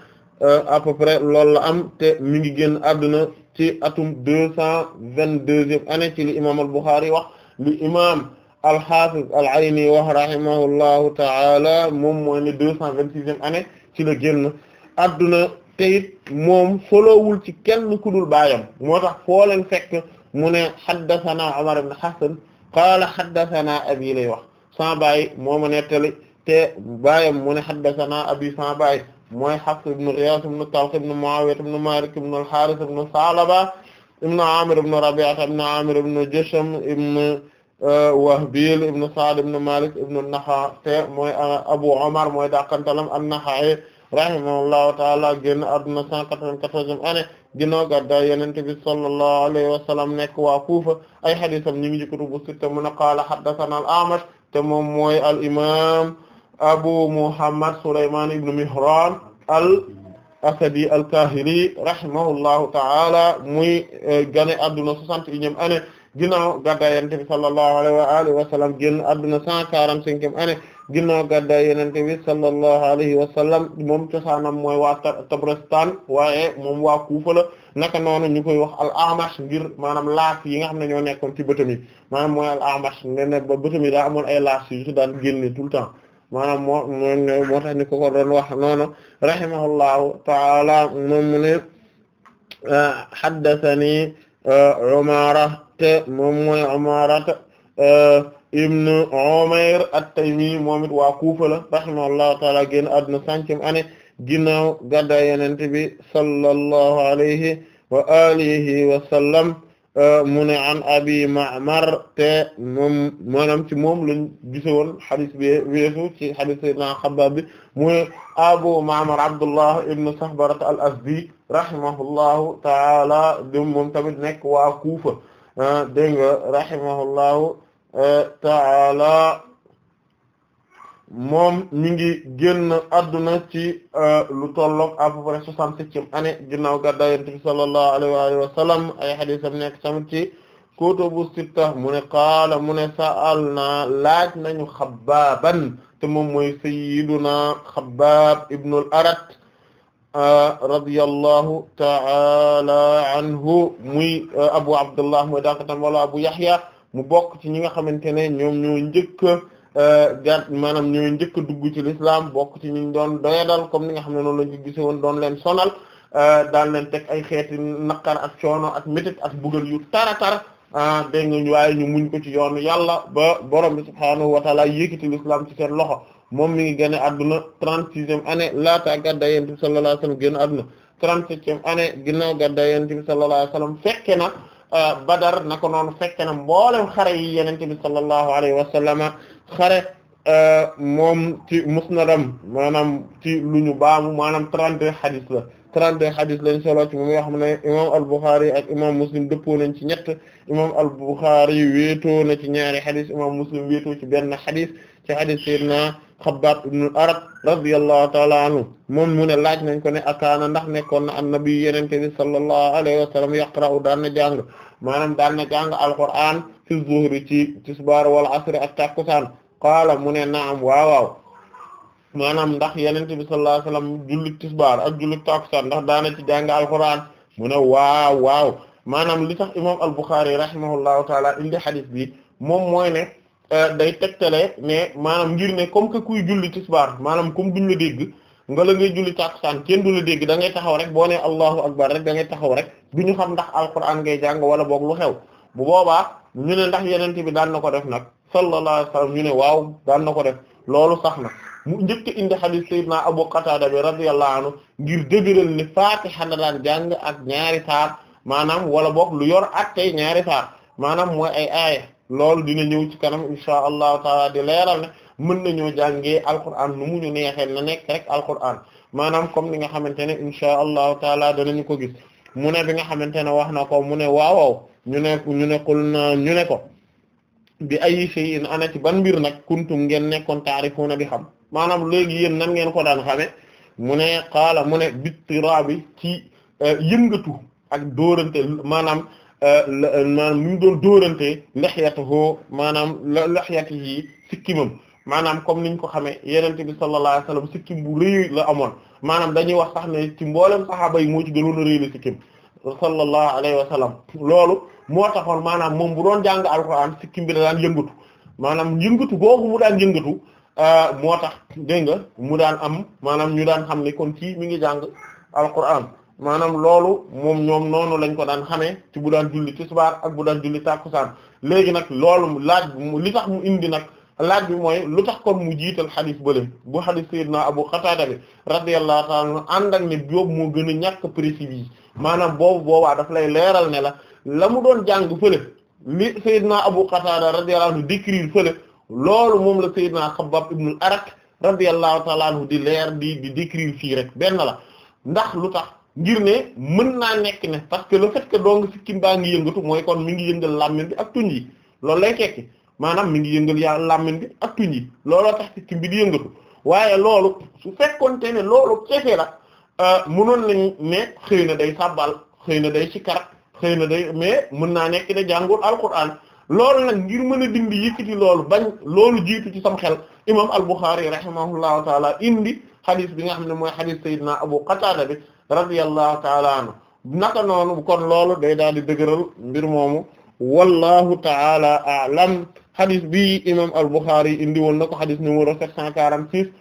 euh, à peu près loolu la am te mi ngi génn àdduna ci atum deux cent vingt-deuxième année ci li imam al-Bukhari wax li imam al-Hafiz al-Ayni wax rahimahullahu ta'ala moom mooy ne deux cent vingt-sixième année ci la génn àdduna te it moom solowul ci kenn ku dul baayam moo tax foo leen fekk mu ne haddathana Umar ibn Hasan qaala haddathana abi lay wax sans bàyyi moo te baayam mu ne haddathana abi san baay mooy Hafs ibn Ghiyath ibn Talq ibn Mu'awiya ibn Malik ibn al-Harith ibn Salaba ibn Amir ibn Rabi'a ibn Amir ibn Jisham ibn e, Wahbil ibn Sa'd ibn Malik ibn an-Nakha te mooy e, Abu Umar mooy dakantalam an-Nakha'i rahimahullahu ta'ala génn àdduna 194e année ginnaaw gàddaay Yonent bi sallallahu alayhi wa sallam nekk waa ay hadiisam ñu ngi ci kutubu sitta mu ne qaala haddathana al-A'mash te Abu Muhammad Sulaymaan ibn Mihraan al-Asadi al-Kaahili rahimahullahu ta'ala muy eh, gane adduna 61e année ginnaaw gàddaay Yonent bi sallallahu alayhi wa alihi wa sallam génn adduna 145e année ginnaaw gàddaay Yonent bi sallallahu alayhi wa sallam moom cosaanam mooy waa Tabaristan waaye moom waa Kuufa la naka noonu ñu koy wax al-Amash ngir maanaam laas yi nga xam ne ñoo nekkoon ci bëtam yi maanaam mooy al-Amash nee na ba bëtam yi daa amoon ay laas yu ci daan génne tout le temps maanaam moo moo tax ni ko ko doon wax noonu rahimahullahu taala moom mu ne ah, haddathani ah, Umaara te moom mooy Umaara ah, ibn Umayr at-Taymi moom it waa Kuufa la rahimahullahu taala génn àdduna centième année ginnaaw gàddaay alayhi wa alihi wa sallam mu ne an abi Ma'mar te moom maanaam ci moom lañ gisoon xadis bi weesu ci xadis sayyidina Xabbaab bi muy abu Ma'mar Abdullah ibn Sahbara al-Azdi rahimahullahu taala dum moom tamit nekk waa Kuufa ah, dégg nga rahimahullahu eh, taala moom mi ngi génn adduna ci euh, lu tolloog à peu près soixante-septième année ginnaaw gàddaay Yonent bi sallallahu alayhi wa alihi ay hadiisam nekk tamit ci kutubu sitta mu ne qaala mu ne sa'alnaa laaj nañu Xabbaaban te moom mooy sayyiduna Xabbaab ibnul Arat euh, radiyallahu ta'ala anhu muy euh, Abu Abdullah mooy daaw ka tam wala Abu Yahya mu bokk ci ñi nga xamante ne ñoom ñoo njëkk. Euh, gàtt maanaam ñooy njëkk dugg ci l'islam bokk ci ñu doon doyadal comme ni nga xam ne noonu lañu ko gisee woon doon leen sonal euh, daal leen teg ay xeeti naqar ak coono ak métit ak bugal yu tara tara ah, dégg nga waaye ñu muñ ko ci yoonu yàlla ba borom bi subhaanahu wa taala yëkkati l'islam ci seen loxo moom mi ngi génne àdduna trente-sixième année laata gàddaay Yonent bi sallallahu alayhi wa sallam génn àdduna trente-septième année ginnaaw gàddaay Yonent bi sallallahu alayhi wa sallam fekke na euh, Badar nako noonu fekke na mboolem xare yi Yonent bi sallallahu alayhi wa sallama xare euh, moom ci musnadam maanaam ci lu ñu baamu maanaam trente hadith la trente hadith lañ solo ci moom yoo xam ne imam al-Bukhari ak imam Muslim dëppoo nañ ci ñett imam al-Bukhari wéetoo na ci ñaari hadith imam Muslim wéetoo ci benn hadith ci hadith sayyidina Xabbaab ibn al-Arat radiyallahu ta'ala anhu moom mu ne laaj nañ ko ne akaana ndax nekkoon na an-nabi yenente bi sallallahu alayhi wa sallam yaqra'u daan na jàng maanaam daal na jàng alquran fi zuhri ci tisbaar wala asri ak takkusaan qaala mu ne naam waaw waaw maanaam ndax yonent bi sallallahu alayhi wasallam jullit tisbaar ak jullit takkusaan ndax daana ci jàng alquran mu ne waaw waaw maanaam li tax imam al-Bukhari rahimahullahu taala indi hadith bi moom mooy ne eh, day tegtale ne maanaam ngir ne comme que kuy julli tisbaar maanaam comme duñ la dégg nga la ngay julli tàkkusaan kenn du la dégg da ngay taxaw rek boo nee allahu akbar rek da ngay taxaw rek du ñu xam ndax alquran ngay jàng wala boog lu xew bu boobaa ñu ne ndax yenente bi daan na ko def na sallallahu alayhi wasallam ñu ne waaw daan na ko def loolu sax na mu njëkk indi hadith sayyidina abu qatada bi radiyallahu anhu ngir dëgëral ni fatiha la daan jàng ak ñaari saar maanaam wala boog lu yor ak tey ñaari saar maanaam mooy ay aaya loolu dina ñëw ci kanam insha allahu taala di leeral ne mën nañoo jàngee alquran nu mu ñu neexee na nekk rek alquran maanaam comme li nga xamante ne insha allahu taala danañu ko gis mu ne bi nga xamante ne wax na ko mu ne waawaw ñu ne ñu ne qul na ñu ne ko bi ay shay'in ana ci ban mbir nag kuntum ngeen nekkoon na bi xam maanaam léegi yéen nan ngeen ko daan xamee mu ne qaala mu ne bittiraabi ci euh, yëngatu ak dóorante maanaam euh, maanaam mu doon dóorante lexyatahu maanaam lexyati yi sikkimam maanaam comme niñ ko xamee yeneen bi sallallahu alayhi wasallam sikkim bu rëy maanaam dañuy wax sax ne ci mboolem saxaaba yi moo ci gënoon a rëy la sikkim sallallahu alayhi wasallam loolu moo taxoon maanaam moom bu doon jàng alxuraan sikkim bi da daan yëngatu maanaam yëngatu googu mu daan yëngatu ah, moo tax dégg nga mu daan am maanaam ñu daan xam ne kon ci mi ngi jàng alxuraan maanaam loolu moom ñoom noonu lañ ko daan xamee ci bu daan julli tisbaar ak bu daan julli tàkkusaan léegi nag loolu laaj li tax mu indi nag laaj bi mooy lu tax kon mu jiital xadis bële bu xadis sayyidina Abu Qatada bi radiyallahu ta'ala ànd ak ne boobu moo gën a ñàkk précis bi maanaam boobu boobaa daf lay leeral ne la la mu doon jàng fële li sayyidina Abu Qatada radiyallahu anhu décrire fële loolu moom la sayyidina Xabbaab ibn al-Arak radiyallahu ta'ala anhu di leer di di fii rek benn la ndax lu tax ngir ne mën naa nekk ne parce que le fait que dong sikkim baa ngi yëngatu mooy kon mi ngi yëngal làmmiñ ak tuñ loolu lay tekki maanaam mi ngi yëngal yaa làmmiñ bi ak tuñ looloo tax sikkim bi di yëngatu waaye loolu su fekkonte ne loolu kese la euh, mënoon lañ ne xëy na day sabbal xëy na day sikar xëy na day mais mën naa ne jàngul alquran loolu nag ngir mën a dindi yëkkati loolu bañ loolu jiitu ci sam xel imam al-Bukhari rahimahullahu taala indi xadis bi nga xam ne mooy xadis sayyidina Abu Qatada bi radiyallahu taala anhu naka noonu kon loolu day daal di dëgëral mbir moomu wallahu taala a'lam xadis bi imam al-Bukhari indi woon na ko xadis numéro 746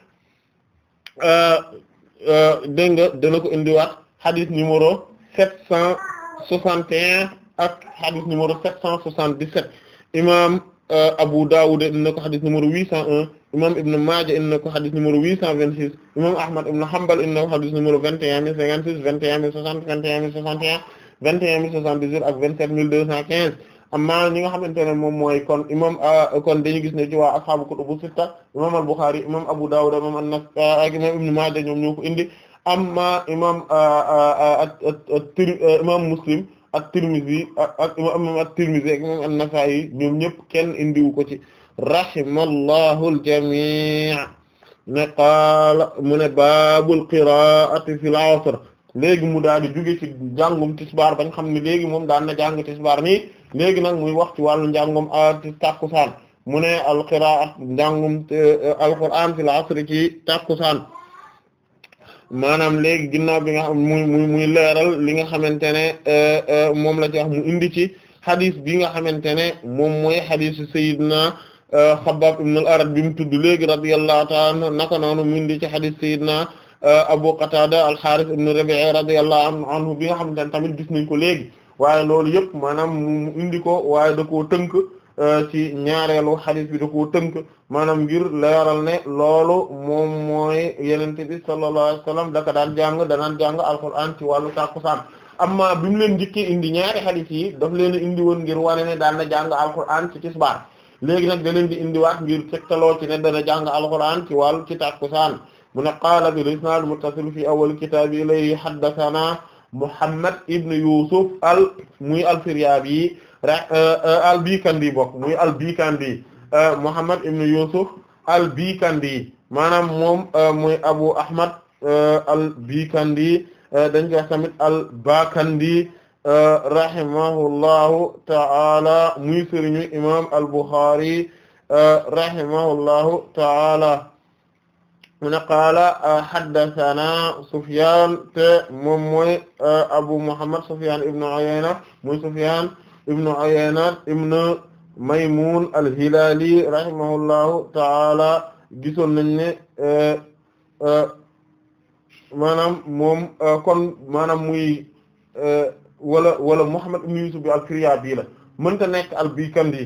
euh, euh, dégg nga dana ko indiwaat xadis numéro 761 ak xadis numéro 777 imam euh, Abu Dawud indi na ko xadis numéro 801 imam Ibn Maaja indi na ko xadis numéro 826 imam Ahmad ibn Hanbal indi na ko xadis numéro 21056 21060 21061 21078 ak 27215 amma ñi nga xamante ne moom mooy kon imam ah, kon dañu gis ne ci waa ashaabu kutubu sitta imam al-Bukhari imam Abu Dawud imam an-Nasa'i ak imam Ibn ko indi amma imam ah, ah, eh, imam Muslim at-Tirmidhi ak imam at-Tirmidhi ak imam an-Nasa'i ñoom ñëpp kenn indiwu ko ci rahimallahu al-jami' ne qaala mu ne baabul qiraa'ati fil 'asr léegi mu daal di jóge ci jàngum tisbaar bañ xam ni léegi moom daan na jàng tisbaar nii léegi nag muy wax ci wàllu njàngum ah, tàkkusaan mu ne alqiraat njàngum eh, alquran fil asri ci tàkkusaan maanaam léegi ginnaaw bi nga xam muy muy leeral li nga xamante ne eh, eh, moom la ci wax mu indi ci xadis bi nga xamante ne moom mooy xadisu sayidna xabaab ibn al arad bi mu tudd léegi radiyallahu ta'ala naka noonu mu indi ci xadis sayidna Euh, Abu Qatada al-Harith ibn Rabi'a radiyallahu an bi nga xamante ne tamit gis nañ ko léegi waaye loolu yëpp maanaam mu indi ko waaye da ko tënk euh, ci ñaareelu xadis bi da ko tënk maanaam ngir leeral ne loolu moom mooy yonent bi sallallahu alayhi wasallam da ka daan jàng da daan jàng alquran ci wàllu tàkkusaan amma bi mu leen njëkkee indi ñaari xadis yi daf leen indi woon ngir wane ne daan na jàng alquran ci tisbaar léegi nag da leen di indiwaat ngir tegtaloo ci ne dana jàng alquran ci wàllu ci tàkkusaan mu ne qaala bil isnaad muttasil fi awwal kitaab ilayhi haddathana Muhammad ibn Yusuf al muy al-Firyaabi euh, euh, al-Bikandi bokk muy al-Bikandi euh, Muhammad ibn Yusuf al-Bikandi maanaam moom muy Abu Ahmad al-Bikandi dañ koy wax tamit al-Bakandi rahimahullahu ta'ala muy sëriñu imaam al-Bukhari rahimahullahu ta'ala mu ne qaala haddathana Sufyan te moom mooy Abu Muhammad Sufyan ibn Uyayna mooy Sufyan ibn Uyayna ibn Maymun al-Hilali rahimahullahu ta'ala gisoon nañ ne e, e, maanaam moom e, kon maanaam muy wala wala Muhammad ibn Yusuf bi al-Firyaabi la mënta nekk al-Bikandi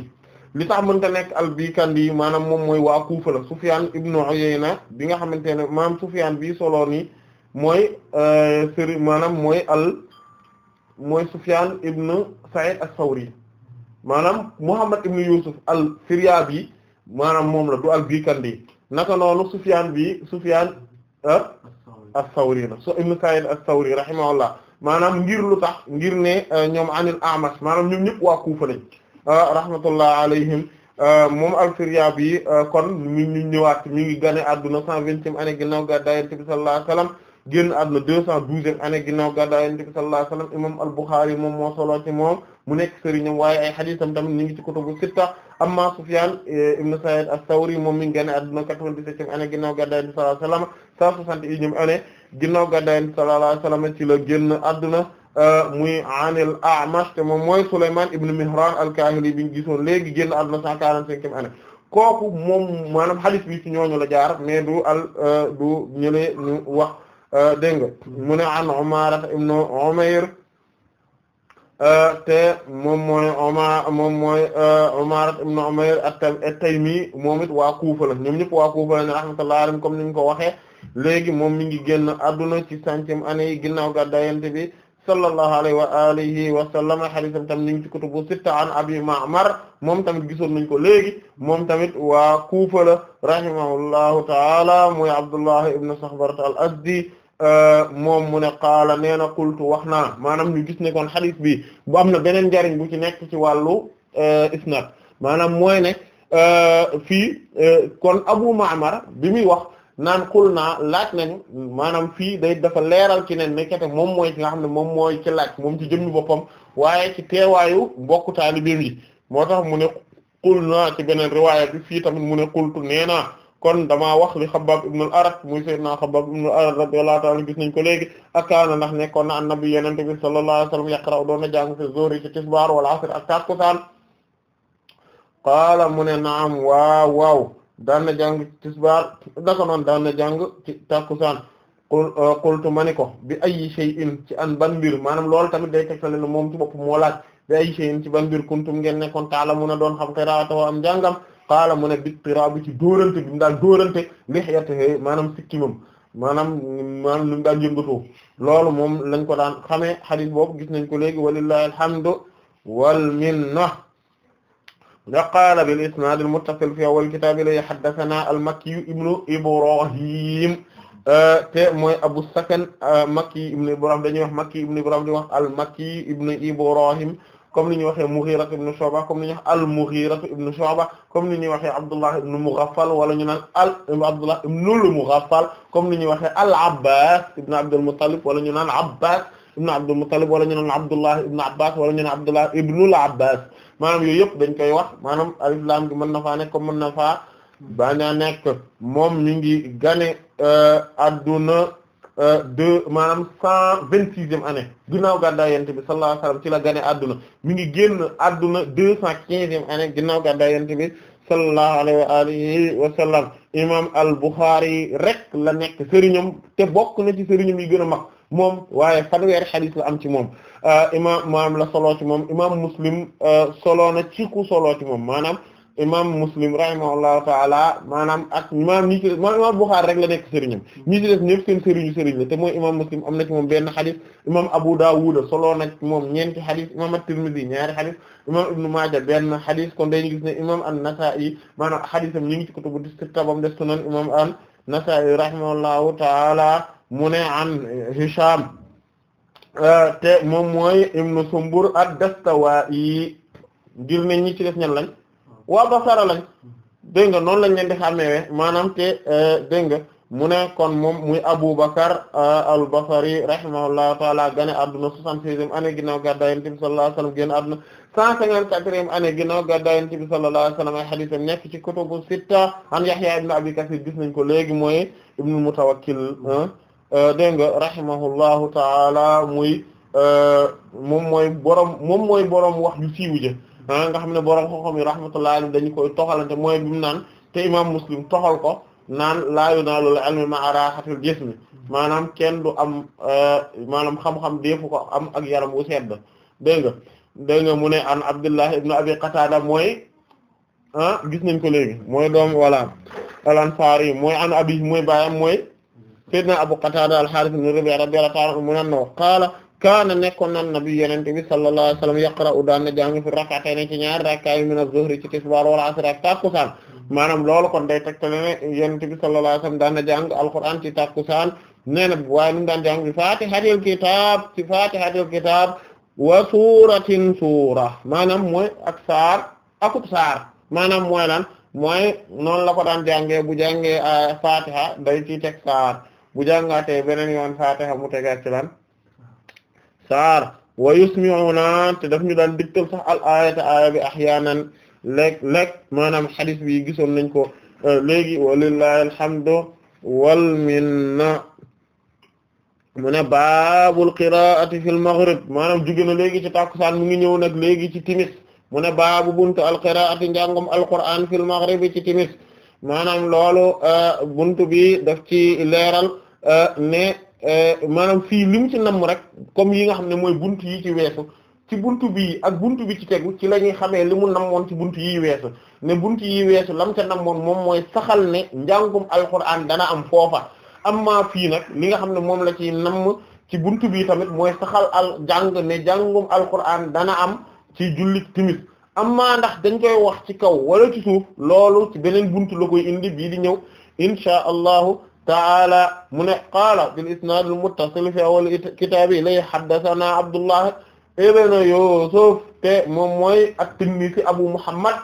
li tax mënta nekk al-Bikandi maanaam moom mooy waa Kufa la Sufyan ibn Uyayna bi nga xamante ne maam Sufyan bi solo ni mooy euh, sëri maanaam mooy al mooy Sufyan ibn Sa'id as-Sawri maanaam Muhammad ibn Yusuf al-Firyabi maanaam moom la du al-Bikandi naka noonu Sufyan bi Sufyan euh, as-Sawri la so ibn Sa'id as-Sawri rahimahullah maanaam ngir lu tax ngir ne euh, ñoom anil A'mash maanaam ñoom ñëpp waa Kufa Ah, rahmatullah alayhim ah, moom al-Firyaabi ah, kon mi ñu ñëwaat mi ngi gane adduna cent vingtième année ginnaaw gàddaay Yonent bi sallallahu alayhi wasallam génn adduna deux cent douzième année ginnaaw gàddaay Yonent bi sallallahu alayhi wasallam imam al-Bukhari moom moo solo ci moom mu nekk sëriñam waaye ay xadiisam tamit ñu ngi ci kutubu sitta amma Sufyaan eh, ibn Sa'iid sawri moom mi ngi gane adduna quatre vingt ane septième année ginnaaw gàddaay Yonent bi sallallahu alayhi wasallam cent soixante ci la génn adduna Euh, muy anil A'mash te moom mooy Sulaymaan ibn Mihraan al-Kaahili bi ñu gisoon léegi génn àdduna 145e année kooku moom maanaam hadith bi ci ñooñu la jaar mais du al euh, du ñëlee ñu wax euh, dégg nga mu ne an Umaara ibn Umayr te moom mooy Umar moom mooy Umaara ibn Umayr at-Taymi moom it waa Kuufa la ñoom ñëpp waa Kuufa la rahmatullahi alayhim comme ni ñu ko waxee léegi moom mi ngi génn àdduna ci centième année yi ginnaaw gàddaay Yonent bi sallallahu alayhi wa alihi wa sallam haditham tam ñu ngi ci kutubu sitta an abi ma'mar moom tamit gisoon nañ ko léegi moom tamit waa Kufa la rahimahullahu ta'ala mooy Abdullah ibn Sakhbar al-Azdi euh, moom mu ne qaala nee na qultu wax naa maanaam ñu gis ne kon hadith bi bu am na beneen njariñ bu ci nekk ci wàllu euh, isnad maanaam mooy ne euh, fii kon Abu Ma'mar bi muy wax naan xul naa laaj nañu maanaam fii day dafa leeral ci ne nekkete moom mooy ki nga xam ne moom mooy ci laaj moom ci jëmmi boppam waaye ci teewaayu mbokku taalibeem yi moo tax mu ne xul naa ci beneen riwaaya bi fii tamit mu ne xultu nee kon dama wax li Xabbaab ibn al muy sayyidina Xabbaab ibn al-Arat radiyallahu ta'ala gis nañ ko léegi ak kaana ndax nekkoon na annabi yenente bi sallallahu alayhi wasallam yaqra'u doon na jàng fi zuhri ci tisbaar wal asr ak takusaan qaala mu ne naam waaw waaw daan na jàng ci tisbaar daka noon daan na jàng ci takkusaan euh, qultu ma ni ko bi ayyi shay'in ci an ban mbir maanaam loolu tamit day tegtale ne moom ci bopp moo laaj bi ayyi shay'in ci ban mbir kuntum ngeen nekkoon taala mun a doon xam qira'atuhu am njàngam qaala mu ne bittiraabu ci dóorante bi mu daan dóorante lihyatihi maanaam sikkimam maanaam maanaam li mu daan yëngatoo loolu moom lañ ko daan xamee hadith boobu gis nañ ko léegi walillahi alhamdu wal minna nga qaala bil isnaad al muttasil fi awwal kitaab ilay haddathana al makki ibnu ibrahim te mooy abu sakan makki ibnu ibrahim dañuy wax makki ibnu ibrahim di wax al makki ibnu ibrahim comme ni ñuy waxee mughira ibnu shu'ba comme ni ñuy wax al mughira ibnu shu'ba comme ni ñuy waxee abdullah ibnu mughaffal wala ñu naan al abdullah ibnu al mughaffal comme ni ñuy waxee al abbas ibnu abdul muttalib wala ñu naan abbas ibnu abdul muttalib wala ñu naan abdullah ibnu abbas wala ñu naan abdullah ibnu al abbas maanaam yooyu yëpp dañ koy wax maanaam alif laam gi mën na faa nekk ko mën na faa baña nekk moom mi ngi gane adduna euh, euh, deux maanaam cent vingt sixième année ginnaaw gàddaay yonent bi sallallahu alayhi wasallam ci la gane adduna mi ngi génn adduna deux cent quinzième année ginnaaw gàddaay yonent bi sallallahu alayhi wa alihi wa sallam imam al Bukhari rek la nekk sëriñam te bokk na ci sëriñam yi gën a mag moom waaye fanweeri xadis la am ci moom euh, imaam maam la solo ci moom imaam muslim euh, solo na ci ku solo ci moom maanaam imaam muslim rahimahullahu taala maanaam ak imaam ñi ci maanaam imaam Buxaari rek la nekk sëriñam ñi ci def ñëpp seen sëriñu sëriñ la te mooy imaam muslim am na ci moom benn xadis imaam Abu Dawud solo na moom ñeenti xadis imaam at-Tirmidhi ñaari xadis imaam Ibn Maaja benn xadis kon dañu gis ne imaam an-Nasaa'i maanaam xadisam ñu ngi ci kutubu sitta bam def sunan imaam an-Nasaa'i rahimahullahu taala mu ne an Hisham euh, te moom mooy ibnu Sumbur ad yi ngir ne ñi ci def ñan lañ hmm. waa Basra lañ dégg nga noonu lañ leen di xàmmeewee maanaam te euh, dégg nga mu ne kon moom muy Abu Bakar euh, al-Basri rahimahullahu taala gane adduna soixante-seizième année ginnaaw gàddaay Yonent bi sallallahu alayhi wasallam génn adduna cent cinquante-quatrième année ginnaaw gàddaay Yonent bi sallallahu ay haditham nekk ci kutubu sitta an gis nañ ko léegi mooy ibnu Mutawakkil Euh, dégg nga rahimahullahu taala muy euh, moom mooy borom moom mooy borom wax ju siiw je ah nga xam ne borom xam-xam yi rahmatullahi dañu koy toxalante mooy bi naan te imaam muslim toxal ko naan laa naa al-ilmu ma'a raahatil jismi maanaam kenn du am euh, maanaam xam-xam deefu ko am ak yaram wu sedd dégg nga dégg nga mu ne an Abdullah ibn Abi Qatada mooy ah gis nañ ko léegi mooy doom wala al-Ansari mooy an abi mooy baayam mooy. sayyidina Abu Qatada al-Harith ibn a radiyallahu ta'ala anhu mu nan qaala kaana nekkoon nan nabi yenente sallallahu alayhi wa sallam yaqra'u daan na jàng fi rak'atayn ci ñaari rakkaay min az-zuhri ci tisbaar wal asr ak takkusaan maanaam loolu kon day tegtale ne yenente sallallahu alayhi wa sallam daan na jàng alquran ci takkusaan nee na waaye nu mu daan fatihatil kitab wa suratin suura maanaam mooy ak saar akub saar maanaam mooy lan mooy noonu la ko daan jàngee bu jàngee fatiha day ci teg saar bu jàngatee beneen yoon faatiha mu tegaat ci lan saar wa yusmi'una te daf ñu daan digtal sax al ayata aaya bi ahyaanan léeg léeg maanaam xadis bi gisoon nañ ko euh, léegi walillahi alhamdu wal minna mu ne baabul qiraati fil maghrib maanaam jóge na léegi ci tàkkusaan mu ngi ñëw nag ci timis mu ne baabu buntu al qiraati njàngum alqur'aan fil maghrib ci timis maanaam loolu euh, buntu bi def ci leeral euh, ne euh, maanaam fii li mu ci namm rek comme yi nga xam ne mooy buntu yi ci weesu ci buntu bi ak buntu bi ci tegu ci la ñuy xamee li mu namoon ci buntu yi weesu ne buntu yi weesu lam ca namoon moom mooy saxal ne njàngum alquran dana am foofa amma fii nag li nga xam ne moom la ci namm ci buntu bi tamit mooy saxal al jàng ne jàngum alquran dana am ci jullit tamit amma ndax dañ koy wax ci kaw wala loolu ci beneen buntu koy indi bii di ñëw insha allahu taala mu ne qaala bil isnaad al muttasil fi awal kitaabi lay haddathana abdullah ibn yusuf te moom mooy at-Tinnisi abu muhammad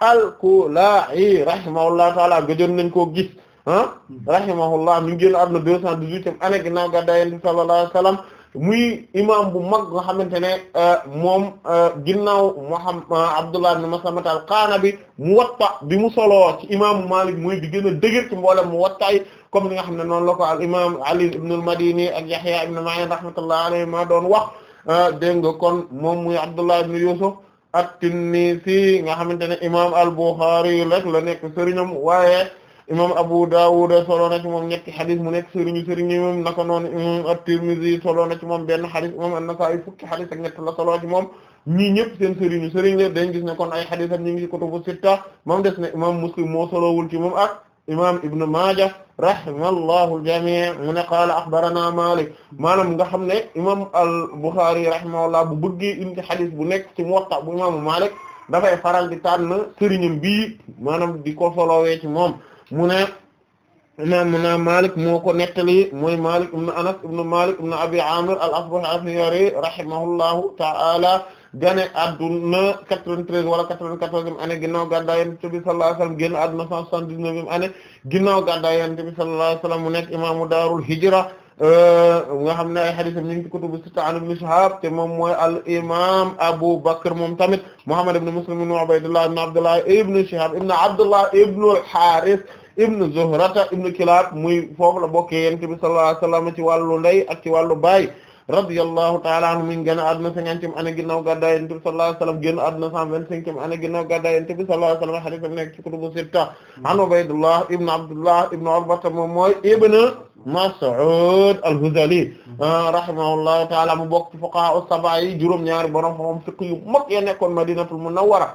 al-Kula'i rahimahullah taala gëjoon nañ koo gis ah rahimahullah mi ngi génn àdduna deux cent dix-huitième année ginnaaw gàddaay Yonent bi sallallahu alayhi wasallam muy imam bu mag nga xamante ne euh, moom euh, ginnaaw Muhammad euh, Abdullah ibn Masamata al-Qanabi Muwatta bi mu solo ci imaamu Malik muy bi gën a dëgër ci mboolem Muwatta yi comme ni nga xam ne noonu la ko al imam Ali ibn al-Madini ak Yahya ibn Ma'in rahmatullahi alayhi ma doon wax dégg nga kon moom muy Abdullah ibn Yusuf at-Tinnisi nga xamante ne imam al-Bukhari rek la nekk sëriñam waaye imam Abu Dawud solo na ci moom ñetti xadis mu nekk sëriñu sëriñu moom naka noonu imam At-Tirmidhi solo na ci moom benn xadis imam An-Nasa'i fukki xadis ak ñett la solo ci moom ñii ñëpp seen sëriñu sëriñ la dañ gis ne kon ay xadisam ñu ngi ci kutubu sitta moom des na imam Muslim moo solowul ci moom ak imam Ibn Maaja rahimallahu al-jamii' mu ne qaala axbarana Maalik maanaam nga xam ne imam Al-Bukhârî rahimahullah bu bëggee indi xadis bu nekk ci Muwatta bu imaamu Maalik dafay faral di tànn sëriñam bi maanaam di ko solowee ci moom mu ne imam mu ne Malik moo ko nettali mooy Malik ibn Anas ibn Malik ibn Abi Amir al-Asbahi al-Fihri rahimahullahu ta'ala gane adduna 93 wala 94e année ginnaaw gàddaay Yonent bi sallallahu alayhi wasallam génn adduna 179e année ginnaaw gàddaay Yonent bi sallallahu alayhi wasallam mu nekk imaamu daarul hijra Euh, nga xam ne ay xadisam ñu ngi ci kutubu sitta an ibn Shihab te moom mooy al imam Abu Bakr moom tamit Muhammad ibn Muslim ibn Ubaydullah ibn Abdullah ibn Shihab ibn Abdullah ibn al-Harith ibn Zuhrata ibn Kilab muy foofu la bokkee yonent bi sallallahu alayhi wasallam ci wàllu ndey ak ci wàllu baay radiyallahu ta'ala anhu mi ngi génn àdduna cinquantième année ginnaaw gàddaay Yonent bi sallallahu alayhi wasallam génn àdduna cent vingt-cinquième année ginnaaw gàddaay Yonent bi sallallahu alayhi wasallam hadith bi nekk ci kutubu sitta an Ubaydullah ibn Abdullah ibn Utba moom mooy ibn Mas'ud al-Hudhali rahimahullahu ta'ala mu bokk ci fuqaha as-sab'a yi juróom-ñaari borom xam-xam fiqh yu mag ya nekkoon Madinatul Munawwara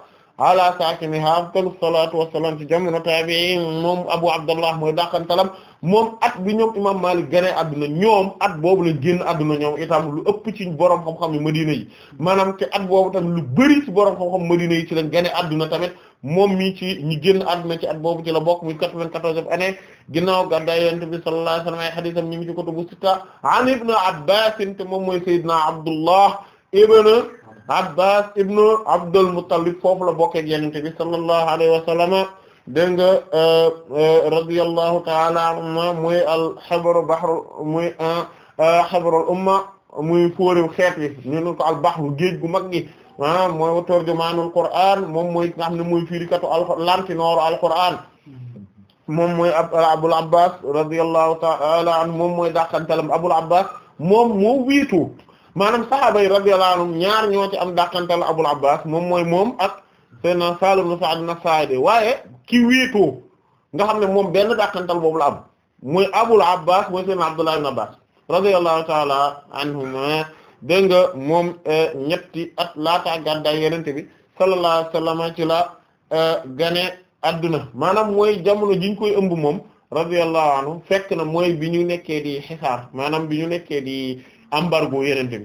ala saakinihaa afdalu salaatu wassalaam ci jamono taabi'iin moom Abu Abdallah mooy dàqantalam moom at bi ñoom imaam Maalik gane adduna ñoom at boobu la génn adduna ñoom itam lu ëpp ci borom xam-xam yu Madina yi maanaam te at boobu tamit lu bëri ci borom xam-xam Madina yi ci lañ gane adduna tamit moom mii ci ñi génn adduna ci at boobu ci la bokk muy 94e année ginnaaw gàddaay Yonent bi sallallahu alayhi wa sallam ay hadiisam ñu ngi ci kutubu sitta an Ibn Abbaas te moom mooy Abbas ibnu Abdul Muttalib foofu la bokk ak Yonent bi sallallahu alayhi wa sallam dégg nga euh, euh, radiyallahu ta'ala anhuma muy al-Habru bahru muy habrul euh, umma muy fóorim xeet yi ñu ne ko al-bahru géej gu mag gi ah mooy turjumaanul Qur'an moom mooy nga xam ne mooy firikatu lantinooru al-Qur'an moom mooy Abul Abbas radiyallahu ta'ala anhu moom mooy dàqantalam Abul Abbas moom moo wiitu. maanaam sahaaba yi radiyallahu anhum ñaar ñoo ci am dàqantal Abul Abbas moom mooy moom ak Seydina Salim ibn Sa'd an waaye ki wéetoo nga xam ne moom benn dàqantal boobu la am mooy Abul Abbas mooy Seydina Abdullah ibn Abbas radiyallahu ta'ala anhuma dégg nga moom eh, ñetti at laata gàddaay yenente bi sallallahu alayhi wasallam ci la eh, gane adduna maanaam mooy jamono jiñ koy ëmb moom radiyallahu anhu fekk na mooy bi ñu nekkee di xisaar maanaam bi ñu nekkee di embargo yeneen bi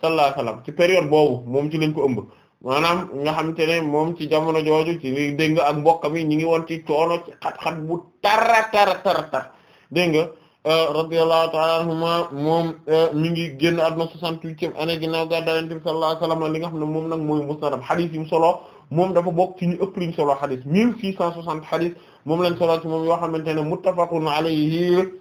sallallahu alayhi wasallam ci période boobu moom ci lañ ko ëmb maanaam nga xam te ne moom ci jamono jooju ci li dégg nga ak mbokk mi ñi ngi woon ci coono ci xat-xat bu tara tara tara tar nga euh, radiyallahu ta'ala anhuma moom euh, mi ngi génn àdduna soixante-huitième année ginnaaw gàddaay Yonent bi sallallahu alayhi wasallam li nga xam ne moom nag mooy musnadam xadis solo moom dafa bokk ci ñu ëpp li mu solo xadis mille six cent soixante xadis moom lañ solo ci moom yoo xamante ne muttafaqun alayhi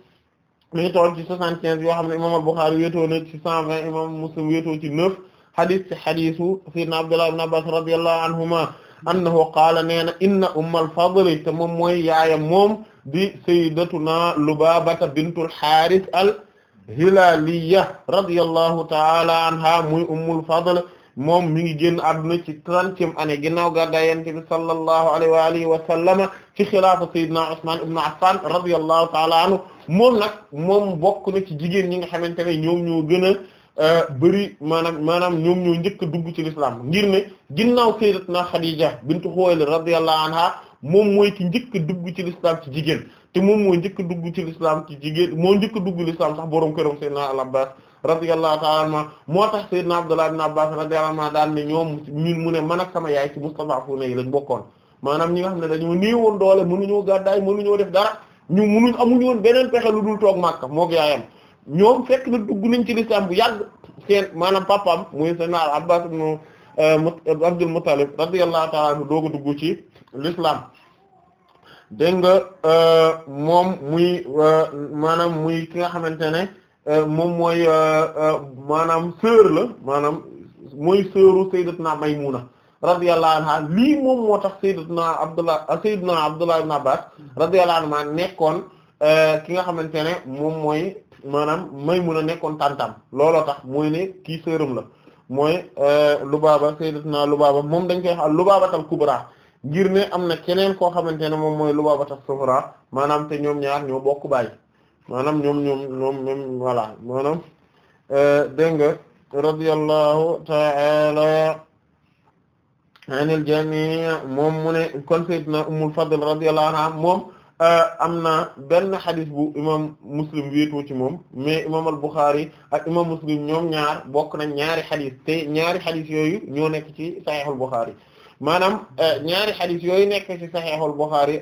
mi ngi toll ci soixante-quinze yoo xam ne imam al-Bukhari wéetoo na ci cent vingt imam Muslim wéetoo ci neuf hadis ci hadisu sayyidina Abdullah ibn Abbas radiyallahu anhuma annahu qaala nee na inna ummal fadli te moom mooy yaayam moom di sayyidatuna Lubaabata bintul Haaris al-Hilaaliya radiyallahu ta'ala anha muy ummul fadl moom mi ngi génn àdduna ci trentième année ginnaaw gàddaay yonent bi sallallahu alayhi wa alihi wa sallama ci xilaafa sayyidina Usman ibn Affan radiyallahu ta'ala anhu moom nag moom bokk na ci jigéen ñi nga xamante ne ñoom ñoo gën a euh, bëri maanaam maanaam ñoom ñoo njëkk a dugg ci l'islam ngir ne ginnaaw sayyidatuna Khadija bintu Khuwaylid radiyallahu anha moom mooy ci njëkk dugg ci l'islam ci jigéen te moom mooy njëkk dugg ci l'islam ci jigéen moo njëkk dugg l'islam sax borom këram sayyidina Al-Abbas radiyallahu ta'ala anhuma moo tax na Abdullah ibn Abbas radiyallahu anhuma daan ne ñoom mu ne man ak sama yaay ci mustad'afuna yi lañ bokkoon maanaam ñi nga xam ne dañu dañoo néewoon doole mënuñoo gàddaay mënuñoo def dara ñu mënuñ amuñu woon beneen pexe lu dul toog Makka moog yaayam ñoom fekk na dugg nañ ci l'islam bu yàgg seen maanaam papam muy sayyidna Abbas ibn euh, euh, Abdul Muttalib radiyallahu ta'ala anhu doog a dugg ci l'islam dégg nga euh, moom muy maanaam muy ki nga xamante ne Euh, moom mooy euh, euh, maanaam sœur la maanaam mooy sœuru sayyidatuna Maymuna radiyallahu anha lii moom moo tax sayyidatuna Abdullah sayyidna Abdullah ibn Abbas radiyallahu maa nekkoon ki nga xamante ne moom mooy maanaam may Maymuna nekkoon tantam looloo tax mooy ne kii sœuram la mooy lu naa lu Lubaaba moom dañ koy wax Lubaabatul Kubra ngir ne am na keneen koo xamante ne moom mooy lu Lubaabatus Sughra maanaam te ñoom ñaar ñoo bokk baay maanaam ñoom ñoom ñoom même voilà maanaam euh, dégg nga radiyallahu ta'ala anil jami' moom mu ne kon sayyidna Ummul Fadl radiyallahu anha moom euh, am na benn xadis bu imam Muslim wéetoo ci moom mais imam al-Bukhari ak Muslim ñoom ñaar bokk nañ ñaari xadis te ñaari xadis yooyu ñoo nekk ci Sahih al-Bukhari maanaam euh, ñaari xadis yooyu nekk ci Sahih al-Bukhari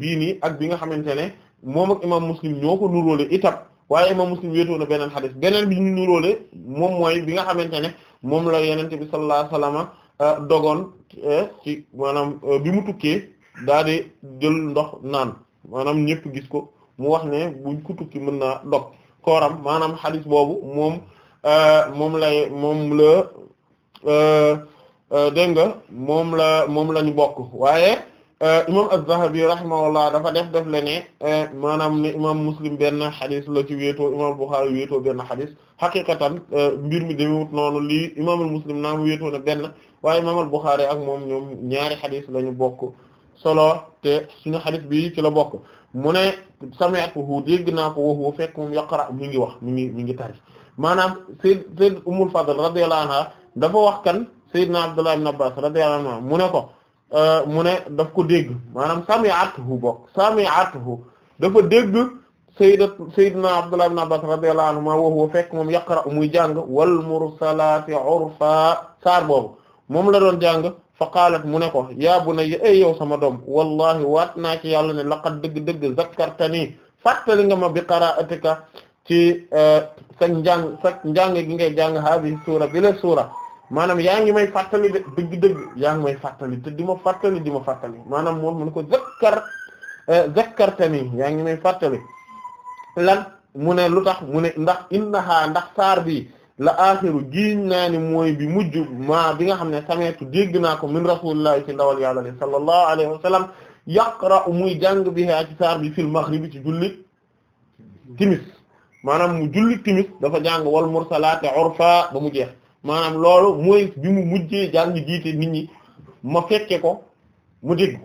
bii nii ak bi nga xamante ne moom ak imam muslim ñoo ko nuróole itam waaye imam muslim wéetoo beneen xadis beneen bi ñu nuróole moom mooy bi nga xamante ne moom la yenente bi sallallahu alayhi wa sallam euh, dogoon euh, ci maanaam euh, bi mu tukkee daa di jël ndox naan maanaam ñëpp gis ko mu wax ne buñ ko tukki mën naa dog kooram maanaam xadis boobu moom moom lay moom la dégg nga moom la moom la bokk waaye Euh, imam az-Zahabi rahimahullah dafa def def le ne euh, maanaam ne imam Muslim benn xadis la ci wéetoo imam Bukhari wéetoo benn xadis xaqiqatan euh, mbir mi demewut noonu lii imam Muslim naam wéetoo na benn waaye imam al-Bukhari ak moom ñoom ñaari xadis lañu bokk solo te suñu xadis bi ci la bokk mu ne sami'tuhu dégg naa ko waxu fekk moom yaqra mi ngi wax mu ngi mi ngi tari maanaam sayyid sayyid Ummul Fadl radiyallahu anha dafa wax kan sayyidna Abdullah ibn Abbas radiyallahu anhu mu ne ko Euh, mu ne daf ko dégg maanaam sami'athu bokk sami'athu dafa dégg sayyidat sayyidina Abdullah ibn Abbas radiyallahu anhuma wa huwa fekk moom yaqra muy jàng wal mursalaati urfa saar boobu moom la doon jàng fa qaalat mu ne ko yaa bunayya ay yow sama doom wallahi waat naa ci yàlla ne laqad dëgg-dëgg zakkartani fàttali nga ma bi qiraatika ci euh, sa njàng sa njàng gi ngay jàng haabi suura bi la suura maanaam yaa ngi may fàttali de yaa ngi may fàttali te di ma fàttali di ma fàttali maanaam moom mu ne ko zakkar eh, zakkartani yaa ngi may fàttali lan mu ne lu tax mu ne ndax innaha ndax saar bi la aaxiru giiñ naa ni mooy bi mujj maa bi nga xam ne sameetu dégg naa ko min rasulillahi ci ndawal yàlla li sallallahu alayhi wa sallam yaqra muy jàng bi haa ci saar bi fil maghribi ci jullit timis maanaam mu jullit timis dafa jàng wal mursalaati urfa ba mu jeex maanaam loolu mooy bi mu mujjee jàng ñu ni ñi ma fekke ko mu dégg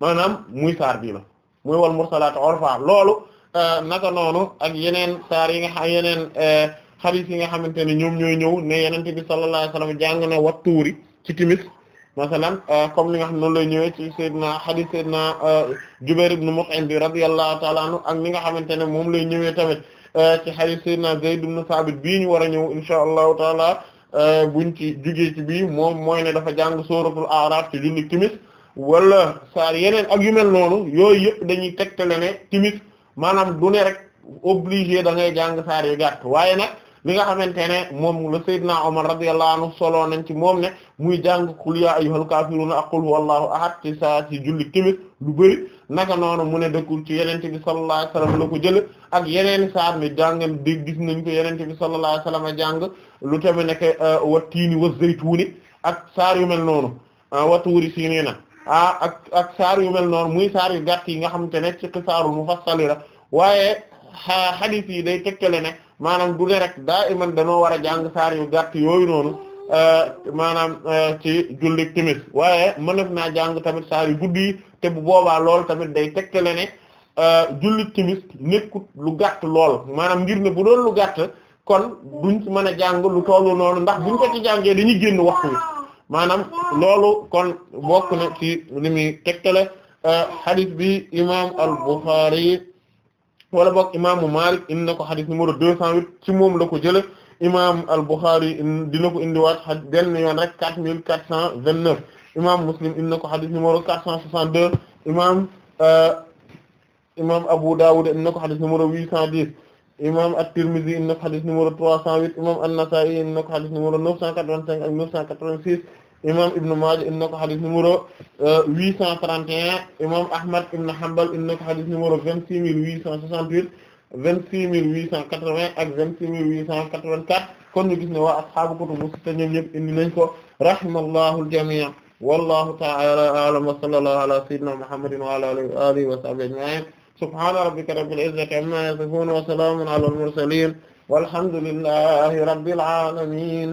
maanaam muy saar bii la muy wal mursalaatu urfa loolu euh, naka noonu ak yeneen saar yi nga xam yeneen euh, xadiis yi nga xamante ne ñoom ñooy ñëw ne yeneen bi sallallahu alayhi wasallam jàng na wat tuuri ci timis masalan euh, comme li nga xam noonu lay ñëwee ci sayyidina xadiis sayyidina Jubayr ibn Mut'im bi radiyallahu ta'ala anhu ak li nga xamante ne moom lay ñëwee tamit ci xadiis sayyidina Zayd ibn Sabit bii ñu war a ñëw insha allahu Euh, buñ ci jugee ci bii moom mooy ne dafa jàng sóoratul A'raf ci julli timis wala saar yeneen ak yu mel noonu yooyu yëpp dañuy tegtale ne timis maanaam du ne rek obligé da ngay jàng saar yu gàtt waaye nag li nga xamante ne moom la Seydina Omar radiyallahu anhu solo nañ ci moom ne muy jàng qul ya ayyuhal kaafiruuna ak qul huwallahu ahad ci saa ci julli timis lu bëri naka noonu mu ne dëkkul ci yenente bi sallallahu alayhi wasallam la ko jële ak yeneen saar mi jàng dégg gis nañ ko yenente bi sallallahu alayhi wasallam a jàng lu tamit nekk euh, wa tiini wa zaytuuni ak saar yu mel noonu euh, wa tuuri siiniina ah ak ak saar yu mel noonu muy saar yu gàtt yi nga xamante ne ci xisaarul mufassal la waaye hadith yi day tekkale ne maanaam du ne rek daa iman danoo war a jàng saar yu gàtt yooyu noonu euh, maanaam euh, ci jullit timis waaye mënef naa jàng tamit saar yu gudd yi te bu boobaa lool tamit day tekkale ne euh, jullit timis nekkut lu gàtt lool maanaam ngir ne bu doon lu gàtt kon duñ mën a jàng lu tollu noonu ndax buñ ko ci jàngee dañuy génn waxtu wi maanaam loolu kon bokk na ci li muy tekkale bi imaam al Bukhari wala boog imaamu Malik indi na ko xadis numéro 208 ci moom la ko jële imaam al-Bukhari dina ko indiwaat xa benn yoon rek 4429 imaam Muslim indi na ko xadis numéro 462 imaam euh, imaam Abu Dawud indi na ko xadis numéro 810 imaam at-Tirmidhi indi na ko xadis numéro 308 imaam an-Nasa'i indi na ko xadis numéro 985 ak 986 imam Ibn Maaja indi na ko xadis numéro 831 euh, imam Ahmad Ibn Hanbal indi na ko xadis numéro 26868 26880 ak 26884 kon ñu gis ne waa ashaabu kutubu sitta ñoom ñëpp indi nañ ko rahimallahu al-jamii' wallahu ta'ala a'lam wa sallallahu ala sayyidina muhammadin wa ala alihi wa sahbihi ajma'in subhana rabbika rabbil izzati amma yasifun wa salamun ala al-mursalin walhamdulillahi rabbil alamin